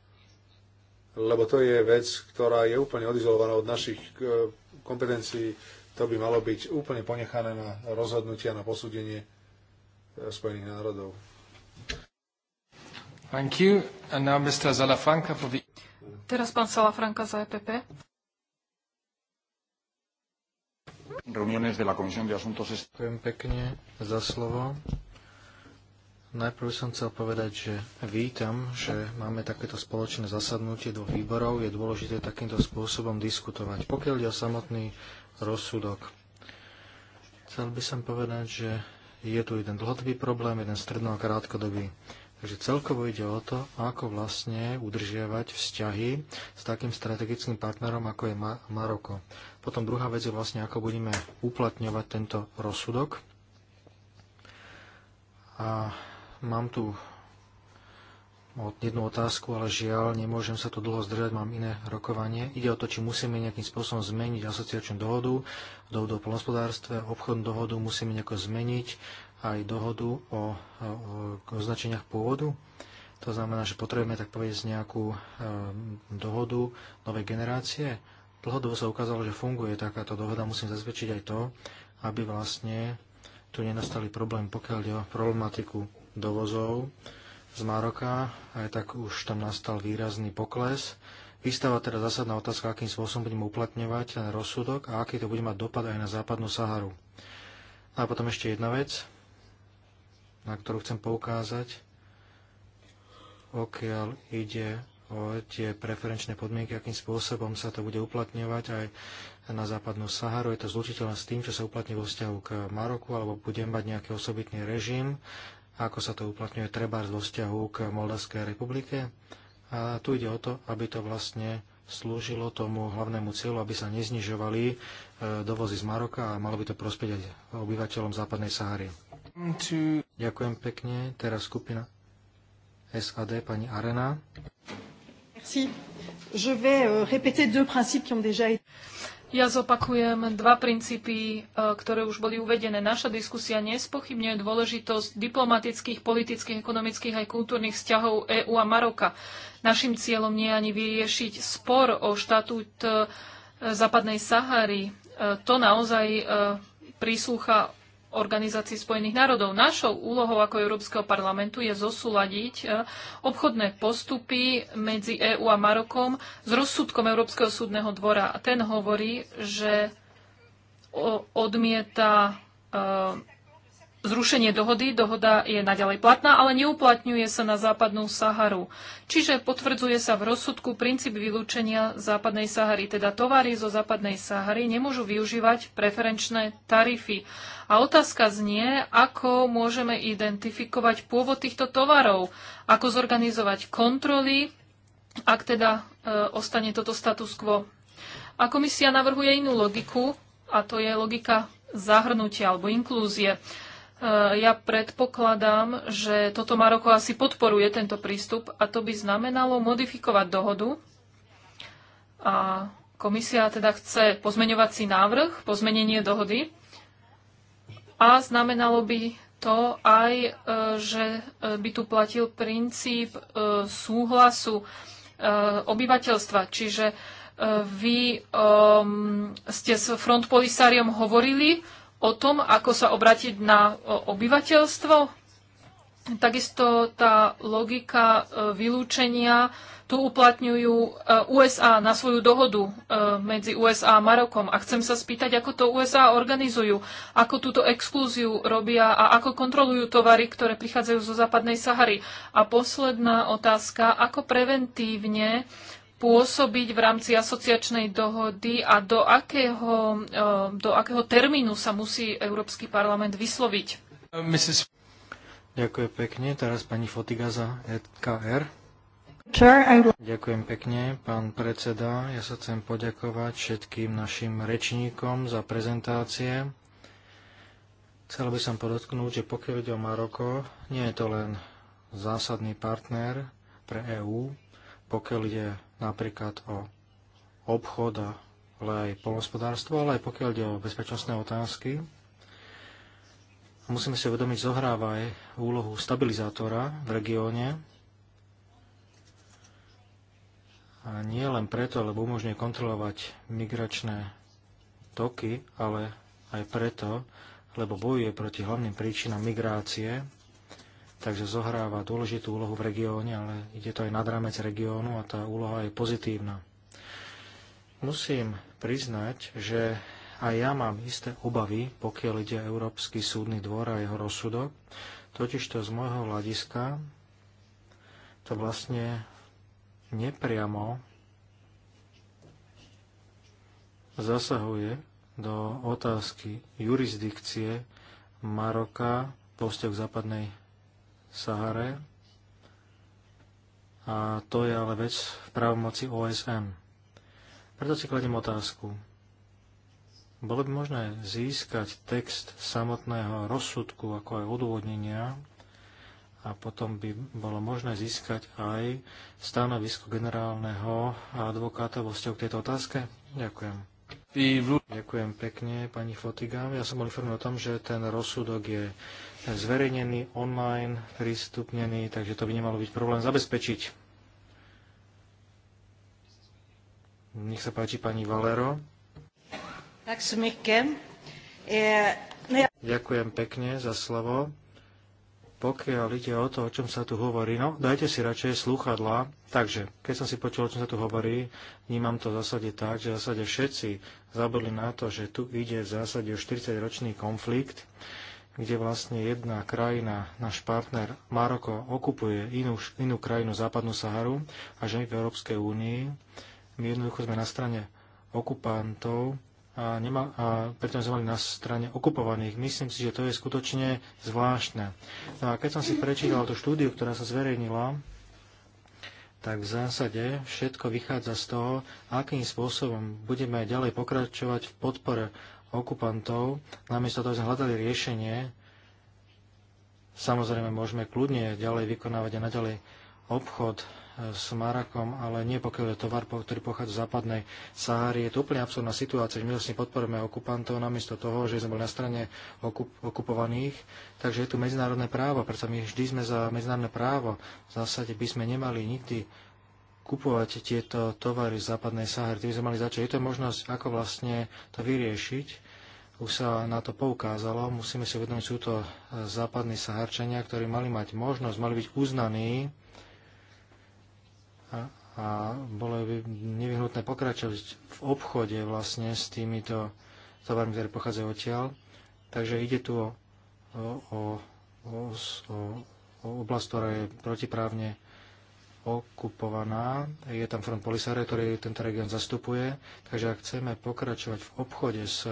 Lebo to je vec, ktorá je úplne odizolovaná od našich eh, kompetencií. To by malo byť úplne ponechané na rozhodnutia, na posúdenie eh, Spojených národov. Thank you. And now Mr. Zalafranca for the... Teraz pán Salafranca za EPP. Reuniones de la Comisión de Asuntos... Ďakujem pekne za slovo. Najprv som chcel povedať, že vítam, že máme takéto spoločné zasadnutie dvoch výborov. Je dôležité takýmto spôsobom diskutovať. Pokiaľ ide o samotný rozsudok, chcel by som povedať, že je tu jeden dlhodobý problém, jeden stredno a krátkodobý. Takže celkovo ide o to, ako vlastne udržiavať vzťahy s takým strategickým partnerom, ako je Maroko. Potom druhá vec je vlastne, ako budeme uplatňovať tento rozsudok. A Mám tu jednu otázku, ale žiaľ, nemôžem sa tu dlho zdržať, mám iné rokovanie. Ide o to, či musíme nejakým spôsobom zmeniť asociačnú dohodu, dohodu o plnospodárstve, obchodnú dohodu musíme nejako zmeniť, aj dohodu o, o označeniach pôvodu. To znamená, že potrebujeme tak povedať nejakú e, dohodu novej generácie. Dlhodobo sa ukázalo, že funguje takáto dohoda. Musím zazvedčiť aj to, aby vlastne tu nenastali problém, pokiaľ ide o problematiku dovozov z Maroka, aj tak už tam nastal výrazný pokles. Vystáva teda zásadná otázka, akým spôsobom budeme uplatňovať ten rozsudok a aký to bude mať dopad aj na západnú Saharu. A potom ešte jedna vec, na ktorú chcem poukázať. Okiaľ ide o tie preferenčné podmienky, akým spôsobom sa to bude uplatňovať aj na západnú Saharu. Je to zlučiteľné s tým, čo sa uplatní vo vzťahu k Maroku, alebo bude mať nejaký osobitný režim ako sa to uplatňuje treba vo vzťahu k Moldavskej republike. A tu ide o to, aby to vlastne slúžilo tomu hlavnému cieľu, aby sa neznižovali e, dovozy z Maroka a malo by to prospieť aj obyvateľom západnej Sahary. To... Ďakujem pekne. Teraz skupina SAD, pani Arena. Merci. Je vais euh, répéter deux principes qui ont déjà été... Ja zopakujem dva princípy, e, ktoré už boli uvedené. Naša diskusia nespochybňuje dôležitosť diplomatických, politických, ekonomických aj kultúrnych vzťahov EÚ a Maroka. Našim cieľom nie je ani vyriešiť spor o štatút e, západnej Sahary. E, to naozaj príslucha Organizácii spojených národov. Našou úlohou ako Európskeho parlamentu je zosúladiť e, obchodné postupy medzi EÚ a Marokom s rozsudkom Európskeho súdneho dvora. A ten hovorí, že odmieta e, zrušenie dohody. Dohoda je naďalej platná, ale neuplatňuje sa na západnú Saharu. Čiže potvrdzuje sa v rozsudku princíp vylúčenia západnej Sahary, teda tovary zo západnej Sahary nemôžu využívať preferenčné tarify. A otázka znie, ako môžeme identifikovať pôvod týchto tovarov, ako zorganizovať kontroly, ak teda e, ostane toto status quo. A komisia navrhuje inú logiku, a to je logika zahrnutia alebo inklúzie. Eh, ja predpokladám, že toto Maroko asi podporuje tento prístup a to by znamenalo modifikovať dohodu. A komisia teda chce pozmeňovací návrh, pozmenenie dohody. A znamenalo by to aj, eh, že eh, by tu platil princíp súhlasu obyvateľstva. Čiže vy ehm, ste s frontpolisáriom hovorili, o tom, ako sa obratiť na obyvateľstvo. Takisto tá logika e, vylúčenia tu uplatňujú e, USA na svoju dohodu e, medzi USA a Marokom. A chcem sa spýtať, ako to USA organizujú, ako túto exkluziu robia a ako kontrolujú tovary, ktoré prichádzajú zo západnej Sahary. A posledná otázka, ako preventívne pôsobiť v rámci asociačnej dohody a do akého, e, do akého termínu sa musí Európsky parlament vysloviť. Ďakujem pekne. Teraz pani Fotiga za EKR. Ďakujem pekne, pán predseda. Ja sa chcem poďakovať všetkým našim rečníkom za prezentácie. Chcel by som podotknúť, že pokiaľ ide o Maroko, nie je to len zásadný partner pre EÚ, pokiaľ ide napríklad o obchod, ale aj polnospodárstvo, ale aj pokiaľ ide o bezpečnostné otázky. Musíme si uvedomiť, zohráva aj úlohu stabilizátora v regióne. A nie len preto, lebo umožňuje kontrolovať migračné toky, ale aj preto, lebo bojuje proti hlavným príčinám migrácie takže zohráva dôležitú úlohu v regióne, ale ide to aj nad rámec regiónu a tá úloha je pozitívna. Musím priznať, že aj ja mám isté obavy, pokiaľ ide Európsky súdny dvor a jeho rozsudok, totižto z môjho hľadiska to vlastne nepriamo zasahuje do otázky jurisdikcie Maroka vo vzťahu západnej Sahare. A to je ale vec v právomoci OSN. Preto si kladím otázku. Bolo by možné získať text samotného rozsudku ako aj odôvodnenia a potom by bolo možné získať aj stanovisko generálneho advokáta vo vzťahu k tejto otázke? Ďakujem. Ďakujem pekne, pani Fotiga. Ja som bol informovaný o tom, že ten rozsudok je zverejnený online, prístupnený, takže to by nemalo byť problém zabezpečiť. Nech sa páči pani Valero. E, no Ďakujem pekne za slovo pokiaľ ide o to, o čom sa tu hovorí, no dajte si radšej slúchadlá. Takže, keď som si počul, o čom sa tu hovorí, vnímam to v zásade tak, že v zásade všetci zabudli na to, že tu ide v zásade o 40-ročný konflikt, kde vlastne jedna krajina, náš partner Maroko, okupuje inú, inú krajinu, západnú Saharu, a že my v Európskej únii, my jednoducho sme na strane okupantov a, nema, a preto sme mali na strane okupovaných. Myslím si, že to je skutočne zvláštne. No a keď som si prečítal tú štúdiu, ktorá sa zverejnila, tak v zásade všetko vychádza z toho, akým spôsobom budeme ďalej pokračovať v podpore okupantov, namiesto toho, sme hľadali riešenie. Samozrejme, môžeme kľudne ďalej vykonávať a naďalej obchod s Marakom, ale nie pokiaľ je tovar, ktorý pochádza z západnej Sahary. Je to úplne absurdná situácia, my vlastne podporujeme okupantov namiesto toho, že sme boli na strane okup- okupovaných. Takže je tu medzinárodné právo, preto my vždy sme za medzinárodné právo. V zásade by sme nemali nikdy kupovať tieto tovary z západnej Sahary. Tým sme mali začať. Je to možnosť, ako vlastne to vyriešiť. Už sa na to poukázalo. Musíme si uvedomiť, sú to e, západní Saharčania, ktorí mali mať možnosť, mali byť uznaní a, a bolo nevyhnutné pokračovať v obchode vlastne s týmito tovarmi, ktoré pochádzajú odtiaľ. Takže ide tu o, o, o, o, o oblasť, ktorá je protiprávne okupovaná. Je tam front Polisario, ktorý tento región zastupuje. Takže ak chceme pokračovať v obchode s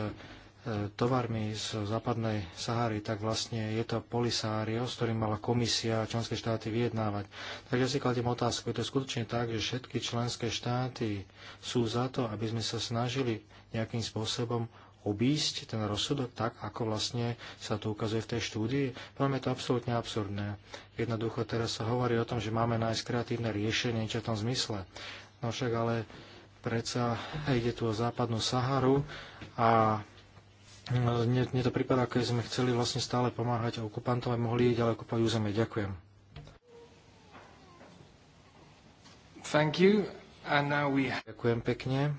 E, tovarmi z západnej Sahary, tak vlastne je to polisário, s ktorým mala komisia a členské štáty vyjednávať. Takže si kladiem otázku, je to skutočne tak, že všetky členské štáty sú za to, aby sme sa snažili nejakým spôsobom obísť ten rozsudok tak, ako vlastne sa to ukazuje v tej štúdii. Pre je to absolútne absurdné. Jednoducho teraz sa hovorí o tom, že máme nájsť kreatívne riešenie, niečo v tom zmysle. No však ale predsa ide tu o západnú Saharu a mne, mne to prípada, keď sme chceli vlastne stále pomáhať okupantom a mohli ďalej okupovať územie. Ďakujem. Thank you. And now we... Ďakujem pekne.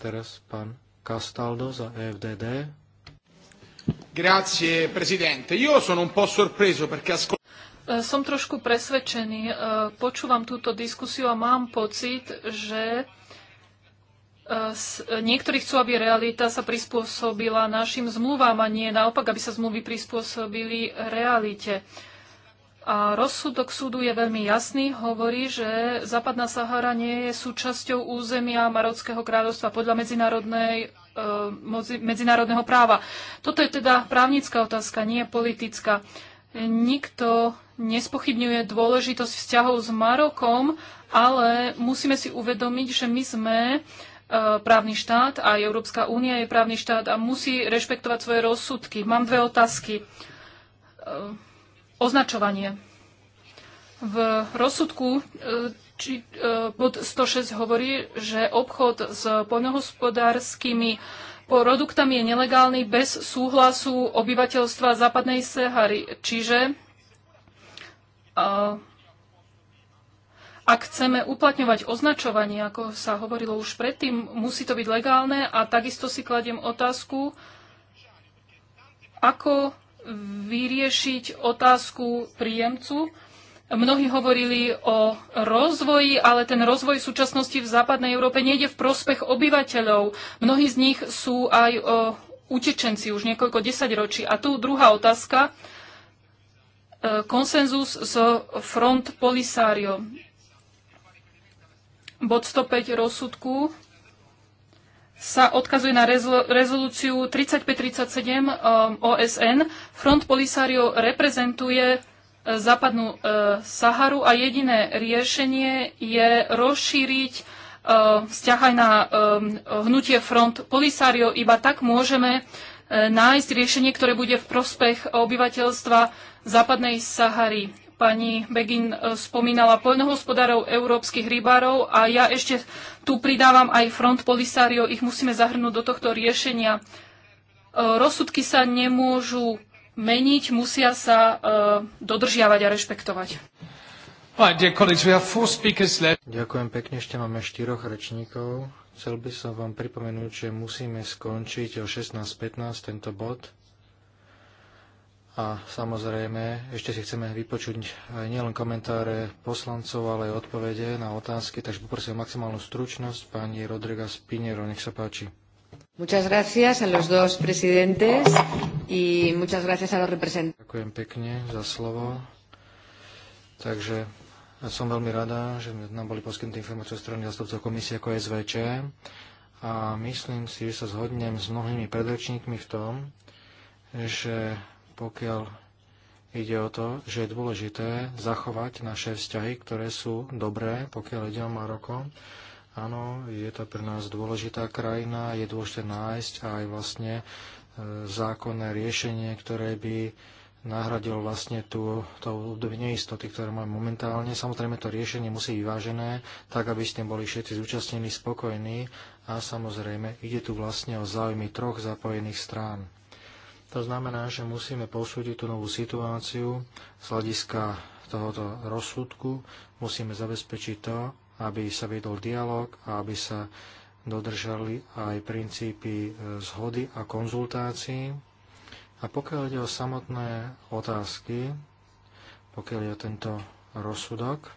Teraz pán Castaldo za EFDD. Grazie, presidente. Io sono un po' sorpreso perché ascolto... E, som trošku presvedčený. E, počúvam túto diskusiu a mám pocit, že E, e, niektorí chcú, aby realita sa prispôsobila našim zmluvám a nie naopak, aby sa zmluvy prispôsobili realite. A rozsudok súdu je veľmi jasný, hovorí, že Západná Sahara nie je súčasťou územia Marockého kráľovstva podľa medzinárodnej, e, medzinárodného práva. Toto je teda právnická otázka, nie politická. Nikto nespochybňuje dôležitosť vzťahov s Marokom, ale musíme si uvedomiť, že my sme uh, E, právny štát a Európska únia je právny štát a musí rešpektovať svoje rozsudky. Mám dve otázky. E, označovanie. V rozsudku e, či, bod 106 hovorí, že obchod s poľnohospodárskymi produktami je nelegálny bez súhlasu obyvateľstva západnej Sehary. Čiže ak chceme uplatňovať označovanie, ako sa hovorilo už predtým, musí to byť legálne a takisto si kladiem otázku, ako vyriešiť otázku príjemcu. Mnohí hovorili o rozvoji, ale ten rozvoj v súčasnosti v západnej Európe nejde v prospech obyvateľov. Mnohí z nich sú aj o utečenci už niekoľko desaťročí. A tu druhá otázka. E, konsenzus s Front Polisario bod 105 rozsudku sa odkazuje na rezolúciu 3537 um, OSN. Front Polisario reprezentuje e, západnú e, Saharu a jediné riešenie je rozšíriť e, vzťah aj na hnutie Front Polisario. Iba tak môžeme nájsť riešenie, ktoré bude v prospech obyvateľstva západnej Sahary. Pani Begin e, spomínala poľnohospodárov, európskych rybárov a ja ešte tu pridávam aj front polisario, ich musíme zahrnúť do tohto riešenia. E, rozsudky sa nemôžu meniť, musia sa e, dodržiavať a rešpektovať. Ďakujem pekne, ešte máme štyroch rečníkov. Chcel by som vám pripomenúť, že musíme skončiť o 16.15 tento bod. A samozrejme, ešte si chceme vypočuť eh, nielen komentáre poslancov, ale aj odpovede na otázky, takže poprosím o maximálnu stručnosť pani Rodriga Spinero, nech sa páči. Muchas gracias a los dos presidentes y muchas gracias a los representantes. Ďakujem pekne za slovo. Takže ja som veľmi rada, že nám boli poskytnuté informácie zo strany zastupcov komisie ako SVČ a myslím si, že sa zhodnem s mnohými predrečníkmi v tom, že pokiaľ ide o to, že je dôležité zachovať naše vzťahy, ktoré sú dobré, pokiaľ ide o Maroko. Áno, je to pre nás dôležitá krajina, je dôležité nájsť aj vlastne e, zákonné riešenie, ktoré by nahradil vlastne tú, tú obdobie neistoty, ktoré máme momentálne. Samozrejme, to riešenie musí vyvážené, tak aby s tým boli všetci zúčastnení spokojní a samozrejme ide tu vlastne o záujmy troch zapojených strán. To znamená, že musíme posúdiť tú novú situáciu z hľadiska tohoto rozsudku. Musíme zabezpečiť to, aby sa vedol dialog a aby sa dodržali aj princípy e, zhody a konzultácií. A pokiaľ ide o samotné otázky, pokiaľ je o tento rozsudok,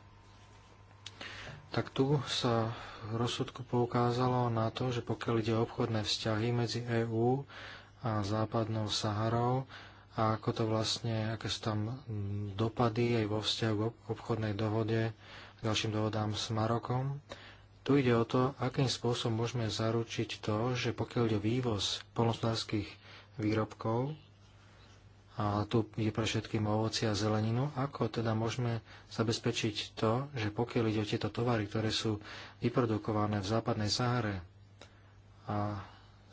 tak tu sa v rozsudku poukázalo na to, že pokiaľ ide o obchodné vzťahy medzi EÚ a západnou Saharou a ako to vlastne, aké sú tam dopady aj vo vzťahu k obchodnej dohode k ďalším dohodám s Marokom. Tu ide o to, akým spôsobom môžeme zaručiť to, že pokiaľ ide o vývoz polnospodárských výrobkov, a tu je pre všetkým ovoci a zeleninu, ako teda môžeme zabezpečiť to, že pokiaľ ide o tieto tovary, ktoré sú vyprodukované v západnej Sahare a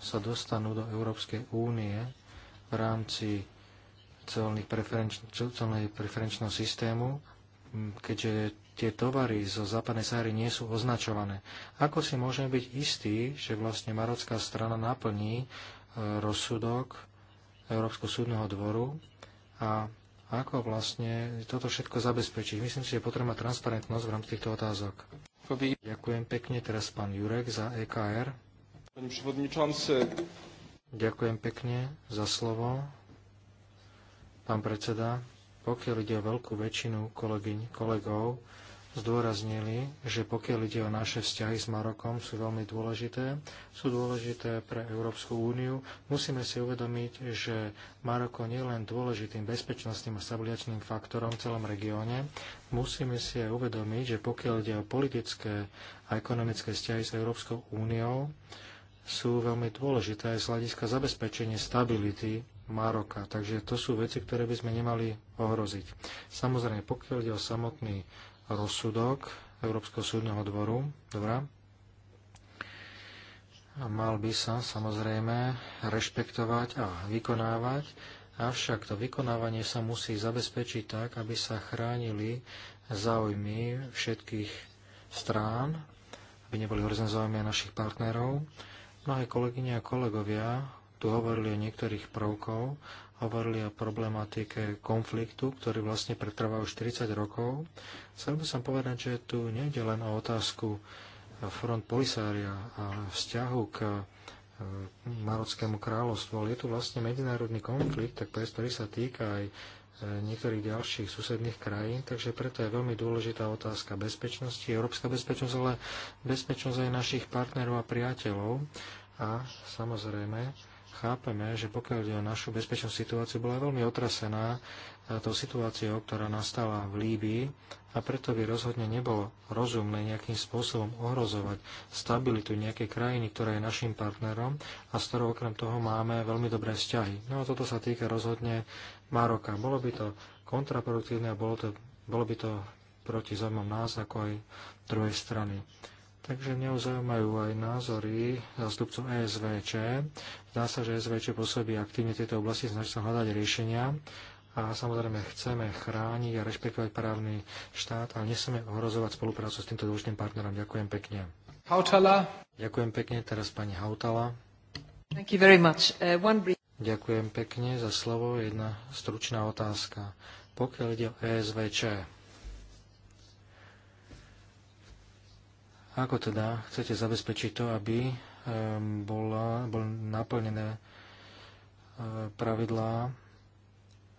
sa dostanú do Európskej únie v rámci celnej preferenč- preferenčného systému, keďže tie tovary zo západnej Sahary nie sú označované. Ako si môžeme byť istí, že vlastne marocká strana naplní e, rozsudok Európskeho súdneho dvoru a ako vlastne toto všetko zabezpečiť. Myslím si, že potrebujeme transparentnosť v rámci týchto otázok. Ďakujem pekne teraz pán Jurek za EKR. Ďakujem pekne za slovo. Pán predseda, pokiaľ ide o veľkú väčšinu kolegyň, kolegov, zdôraznili, že pokiaľ ide o naše vzťahy s Marokom, sú veľmi dôležité, sú dôležité pre Európsku úniu. Musíme si uvedomiť, že Maroko nie je len dôležitým bezpečnostným a stabilizačným faktorom v celom regióne, musíme si aj uvedomiť, že pokiaľ ide o politické a ekonomické vzťahy s Európskou úniou, sú veľmi dôležité aj z hľadiska zabezpečenia stability Maroka. Takže to sú veci, ktoré by sme nemali ohroziť. Samozrejme, pokiaľ ide o samotný rozsudok Európskeho súdneho dvoru, dobrá, mal by sa samozrejme rešpektovať a vykonávať, avšak to vykonávanie sa musí zabezpečiť tak, aby sa chránili záujmy všetkých strán, aby neboli horizontálne našich partnerov Mnohé kolegyne a kolegovia tu hovorili o niektorých prvkov, hovorili o problematike konfliktu, ktorý vlastne pretrvá už 40 rokov. Chcel by som povedať, že tu nejde len o otázku front polisária a vzťahu k e, Marockému kráľovstvu, ale je tu vlastne medzinárodný konflikt, tak ktorý sa týka aj E, niektorých ďalších susedných krajín, takže preto je veľmi dôležitá otázka bezpečnosti, európska bezpečnosť, ale bezpečnosť aj našich partnerov a priateľov. A samozrejme, chápeme, že pokiaľ ide o našu bezpečnú situáciu, bola veľmi otrasená e, tou situáciou, ktorá nastala v Líbii a preto by rozhodne nebolo rozumné nejakým spôsobom ohrozovať stabilitu nejakej krajiny, ktorá je našim partnerom a s ktorou okrem toho máme veľmi dobré vzťahy. No a toto sa týka rozhodne Maroka. Bolo by to kontraproduktívne a bolo, to, bolo by to proti zájmom nás ako aj druhej strany. Takže mňa zaujímajú aj názory zastupcov ESVČ. Zdá sa, že ESVČ pôsobí aktívne tieto tejto oblasti, snaží sa hľadať riešenia a samozrejme chceme chrániť a rešpektovať právny štát, ale nesmieme ohrozovať spoluprácu s týmto dôležitým partnerom. Ďakujem pekne. Hautala. Ďakujem pekne, teraz pani Hautala. Thank you very much. Uh, one brief... Ďakujem pekne za slovo. Jedna stručná otázka. Pokiaľ ide o ESVČ, ako teda chcete zabezpečiť to, aby e, bola, bol naplnené e, pravidlá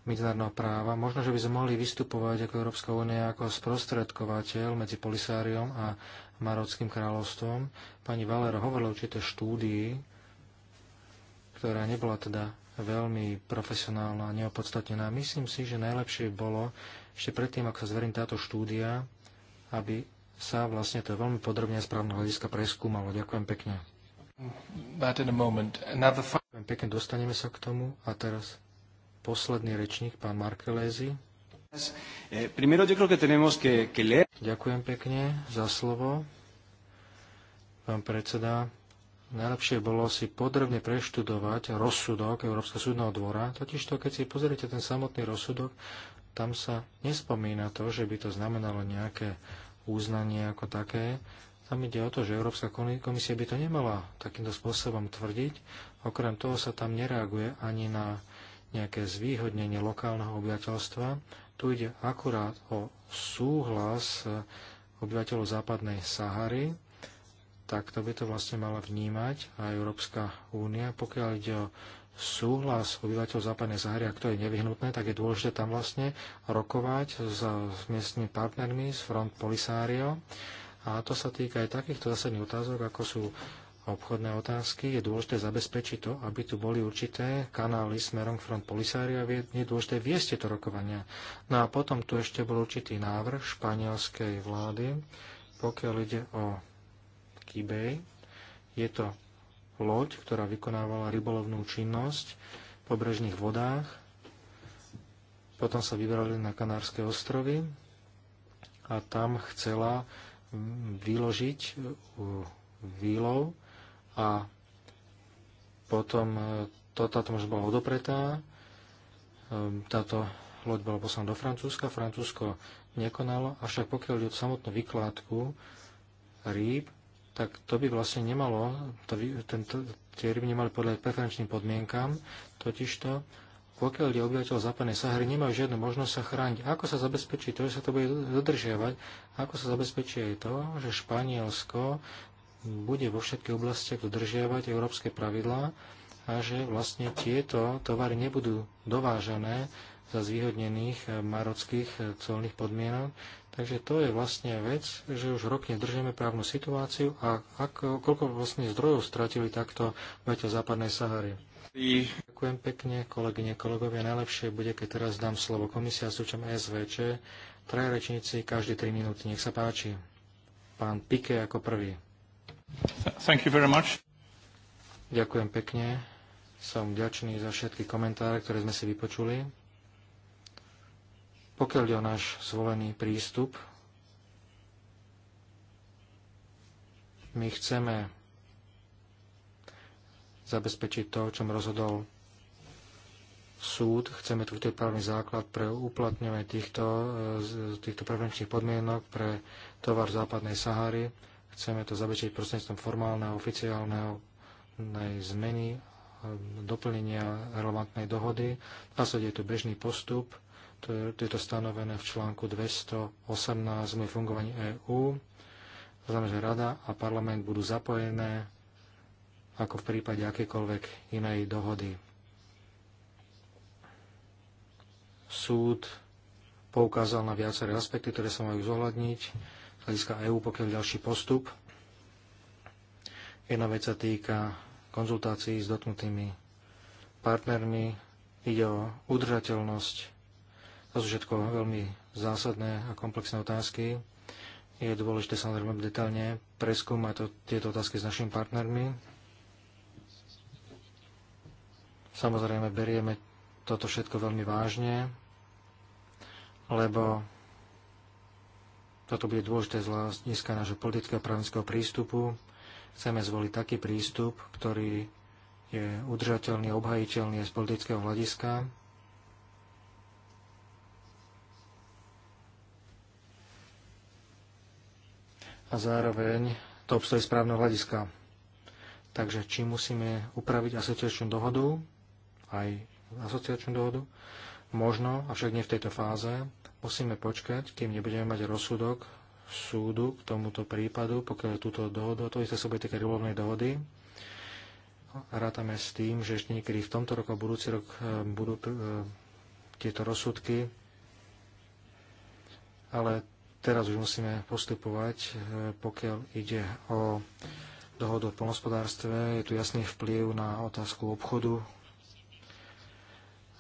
medzinárodného práva. Možno, že by sme mohli vystupovať ako Európska únia ako sprostredkovateľ medzi Polisáriom a Marockým kráľovstvom. Pani Valero hovorila o určité štúdii, ktorá nebola teda veľmi profesionálna a neopodstatnená. Myslím si, že najlepšie bolo ešte predtým, ako sa zverím táto štúdia, aby sa vlastne to veľmi podrobne a správne hľadiska preskúmalo. Ďakujem pekne. Another... Ďakujem pekne, dostaneme sa k tomu. A teraz posledný rečník, pán Markelézy. Ďakujem pekne za slovo, pán predseda najlepšie bolo si podrobne preštudovať rozsudok Európskeho súdneho dvora, totižto keď si pozriete ten samotný rozsudok, tam sa nespomína to, že by to znamenalo nejaké uznanie ako také. Tam ide o to, že Európska komisia by to nemala takýmto spôsobom tvrdiť. Okrem toho sa tam nereaguje ani na nejaké zvýhodnenie lokálneho obyvateľstva. Tu ide akurát o súhlas obyvateľov západnej Sahary, Takto by to vlastne mala vnímať aj Európska únia. Pokiaľ ide o súhlas obyvateľov západnej Sahary, ak to je nevyhnutné, tak je dôležité tam vlastne rokovať s, s miestnymi partnermi z Front Polisario. A to sa týka aj takýchto zásadných otázok, ako sú obchodné otázky. Je dôležité zabezpečiť to, aby tu boli určité kanály smerom k Front Polisario a je dôležité viesť tieto rokovania. No a potom tu ešte bol určitý návrh španielskej vlády, pokiaľ ide o Key Bay. Je to loď, ktorá vykonávala rybolovnú činnosť v pobrežných vodách. Potom sa vybrali na Kanárske ostrovy a tam chcela vyložiť výlov a potom e, to, táto možno bola odopretá, e, táto loď bola poslaná do Francúzska, Francúzsko nekonalo, avšak pokiaľ ide o samotnú vykládku rýb, tak to by vlastne nemalo, to by, tento, tie ryby nemali podľať preferenčným podmienkam, totižto pokiaľ je obyvateľ západnej Sahary, nemajú žiadnu možnosť sa chrániť. Ako sa zabezpečí to, že sa to bude dodržiavať? Ako sa zabezpečí aj to, že Španielsko bude vo všetkých oblastiach dodržiavať európske pravidlá a že vlastne tieto tovary nebudú dovážané za zvýhodnených marockých colných podmienok, Takže to je vlastne vec, že už rok nedržíme právnu situáciu a ako, koľko vlastne zdrojov stratili takto veťa západnej Sahary. I... Ďakujem pekne, kolegyne, kolegovia. Najlepšie bude, keď teraz dám slovo komisia súčom SVČ. Traje rečníci, každé 3 minúty. Nech sa páči. Pán Pike ako prvý. Thank you very much. Ďakujem pekne. Som vďačný za všetky komentáre, ktoré sme si vypočuli. Pokiaľ je o náš zvolený prístup, my chceme zabezpečiť to, o čom rozhodol súd, chceme tu právny základ pre uplatňovanie týchto, e, týchto prevenčných podmienok pre tovar západnej Sahary. Chceme to zabezpečiť prostredníctvom formálneho, oficiálneho zmeny, e, doplnenia relevantnej dohody. V je tu bežný postup to e, je to stanovené v článku 218 zmluvy fungovaní EÚ. To znamená, že Rada a parlament budú zapojené ako v prípade akékoľvek inej dohody. Súd poukázal na viaceré aspekty, ktoré sa majú zohľadniť z hľadiska EÚ, pokiaľ ďalší postup. Jedna vec sa týka konzultácií s dotknutými partnermi, ide o udržateľnosť to sú všetko veľmi zásadné a komplexné otázky. Je dôležité samozrejme detailne preskúmať to, tieto otázky s našimi partnermi. Samozrejme berieme toto všetko veľmi vážne, lebo toto bude dôležité z hľadiska nášho politického a právnického prístupu. Chceme zvoliť taký prístup, ktorý je udržateľný, obhajiteľný z politického hľadiska. a zároveň to obstojí správne hľadiska. Takže či musíme upraviť asociačnú dohodu, aj asociačnú dohodu, možno, avšak nie v tejto fáze, musíme počkať, kým nebudeme mať rozsudok súdu k tomuto prípadu, pokiaľ túto dohodu, to isté sa bude také ľubovnej dohody. Rátame s tým, že ešte niekedy v tomto roku a budúci rok e, budú e, tieto rozsudky, ale teraz už musíme postupovať, e, pokiaľ ide o dohodu o polnospodárstve. Je tu jasný vplyv na otázku obchodu.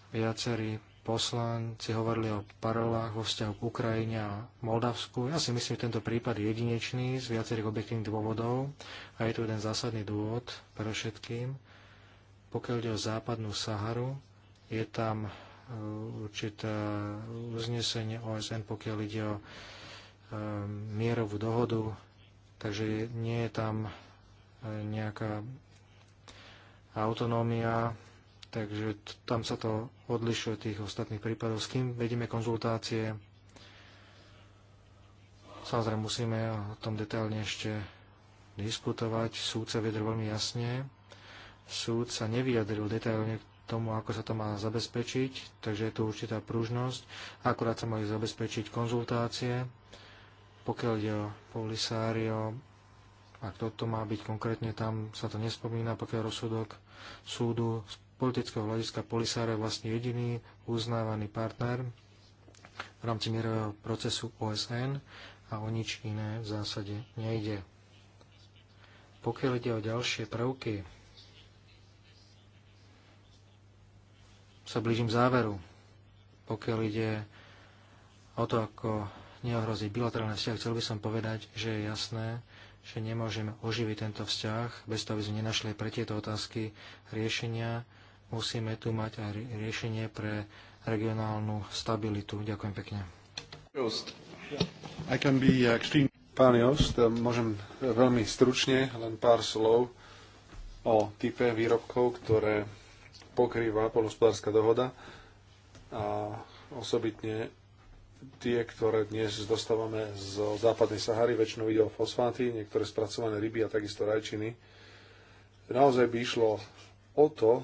Viacerí poslanci hovorili o parolách vo vzťahu k Ukrajine a Moldavsku. Ja si myslím, že tento prípad je jedinečný z viacerých objektívnych dôvodov a je tu jeden zásadný dôvod pre všetkým. Pokiaľ ide o západnú Saharu, je tam e, určité uznesenie OSN, pokiaľ ide o Ehm, mierovú dohodu, takže nie je tam e, nejaká autonómia, takže tam sa to odlišuje od tých ostatných prípadov. S kým vedíme konzultácie? Samozrejme, musíme o tom detailne ešte diskutovať. Súd sa vedel veľmi jasne. Súd sa nevyjadril detailne k tomu, ako sa to má zabezpečiť, takže je tu určitá pružnosť. Akurát sa mali zabezpečiť konzultácie pokiaľ ide o Polisario, ak toto má byť konkrétne, tam sa to nespomína, pokiaľ rozsudok súdu z politického hľadiska Polisária je vlastne jediný uznávaný partner v rámci mierového procesu OSN a o nič iné v zásade nejde. Pokiaľ ide o ďalšie prvky, sa blížim záveru. Pokiaľ ide o to, ako neohroziť bilaterálne vzťah, chcel by som povedať, že je jasné, že nemôžeme oživiť tento vzťah bez toho, aby sme nenašli pre tieto otázky riešenia. Musíme tu mať aj riešenie pre regionálnu stabilitu. Ďakujem pekne. Just. I can be extreme. Pán Jost, môžem veľmi stručne, len pár slov o type výrobkov, ktoré pokrýva polospodárska dohoda a osobitne tie, ktoré dnes dostávame zo západnej Sahary, väčšinou ide o fosfáty, niektoré spracované ryby a takisto rajčiny. Naozaj by išlo o to, e,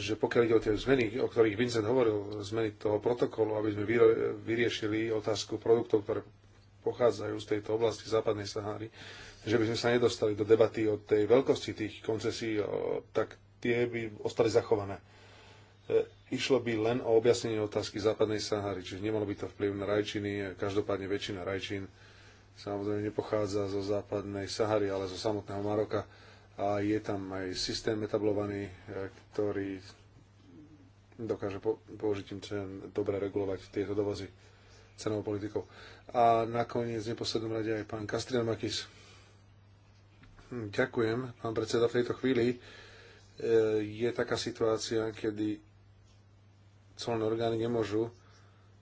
že pokiaľ ide o tie zmeny, o ktorých Vincent hovoril, zmeny toho protokolu, aby sme vyriešili otázku produktov, ktoré pochádzajú z tejto oblasti západnej Sahary, že by sme sa nedostali do debaty o tej veľkosti tých koncesí, tak tie by ostali zachované E, išlo by len o objasnenie otázky západnej Sahary, čiže nemalo by to vplyv na rajčiny. Každopádne väčšina rajčín samozrejme nepochádza zo západnej Sahary, ale zo samotného Maroka. A je tam aj systém etablovaný, e, ktorý dokáže po, použitím cen dobre regulovať tieto dovozy cenovou politikou. A nakoniec v neposlednom rade aj pán Makis. Hm, ďakujem, pán predseda. V tejto chvíli e, je taká situácia, kedy colné orgány nemôžu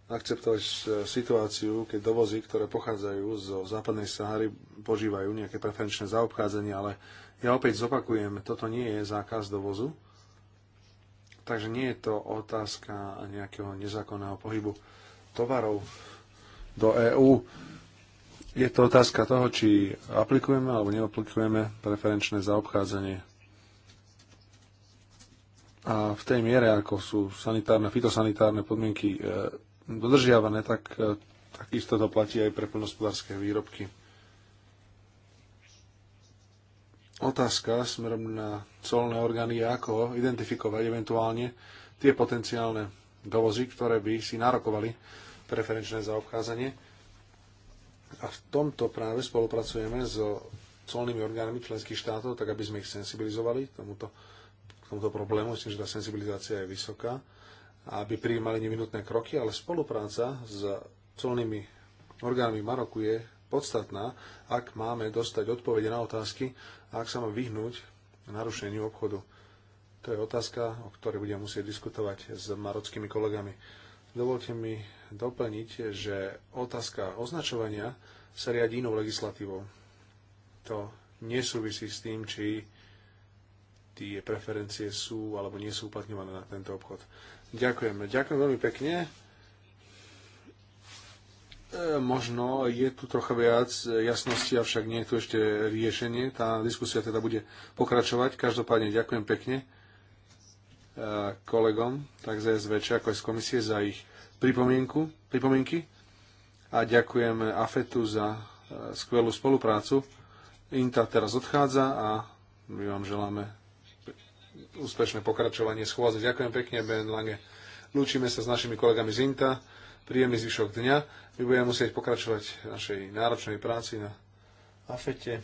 akceptovať e, situáciu, keď dovozy, ktoré pochádzajú zo západnej Sahary, požívajú nejaké preferenčné zaobchádzanie, ale ja opäť zopakujem, toto nie je zákaz dovozu, takže nie je to otázka nejakého nezákonného pohybu tovarov do EÚ. Je to otázka toho, či aplikujeme alebo neaplikujeme preferenčné zaobchádzanie a v tej miere, ako sú sanitárne, fitosanitárne podmienky e, dodržiavané, tak e, takisto to platí aj pre plnospodárske výrobky. Otázka smerom na colné orgány je, ako identifikovať eventuálne tie potenciálne dovozy, ktoré by si nárokovali preferenčné zaobchádzanie. A v tomto práve spolupracujeme so colnými orgánmi členských štátov, tak aby sme ich sensibilizovali tomuto k tomuto problému. Myslím, že tá senzibilizácia je vysoká, aby prijímali nevinutné kroky, ale spolupráca s colnými orgánmi Maroku je podstatná, ak máme dostať odpovede na otázky a ak sa má vyhnúť narušeniu obchodu. To je otázka, o ktorej budem musieť diskutovať s marockými kolegami. Dovolte mi doplniť, že otázka označovania sa riadi inou legislatívou. To nesúvisí s tým, či tie preferencie sú alebo nie sú uplatňované na tento obchod. Ďakujem. Ďakujem veľmi pekne. E, možno je tu trocha viac jasnosti, avšak nie je tu ešte riešenie. Tá diskusia teda bude pokračovať. Každopádne ďakujem pekne e, kolegom, tak z SVČ, ako aj z komisie, za ich pripomienku, pripomienky a ďakujem AFETu za e, skvelú spoluprácu. INTA teraz odchádza a my vám želáme úspešné pokračovanie schôdze. Ďakujem pekne, Ben Lange. Lúčime sa s našimi kolegami z INTA. Príjemný zvyšok dňa. My budeme musieť pokračovať v našej náročnej práci na AFETE.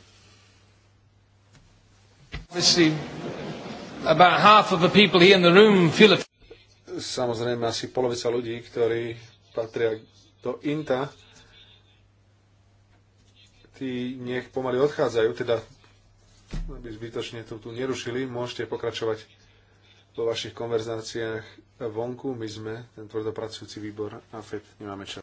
Samozrejme, asi polovica ľudí, ktorí patria do INTA, tí nech pomaly odchádzajú, teda aby zbytočne to tu nerušili. Môžete pokračovať vo vašich konverzáciách vonku. My sme ten tvrdopracujúci výbor a FED nemáme čas.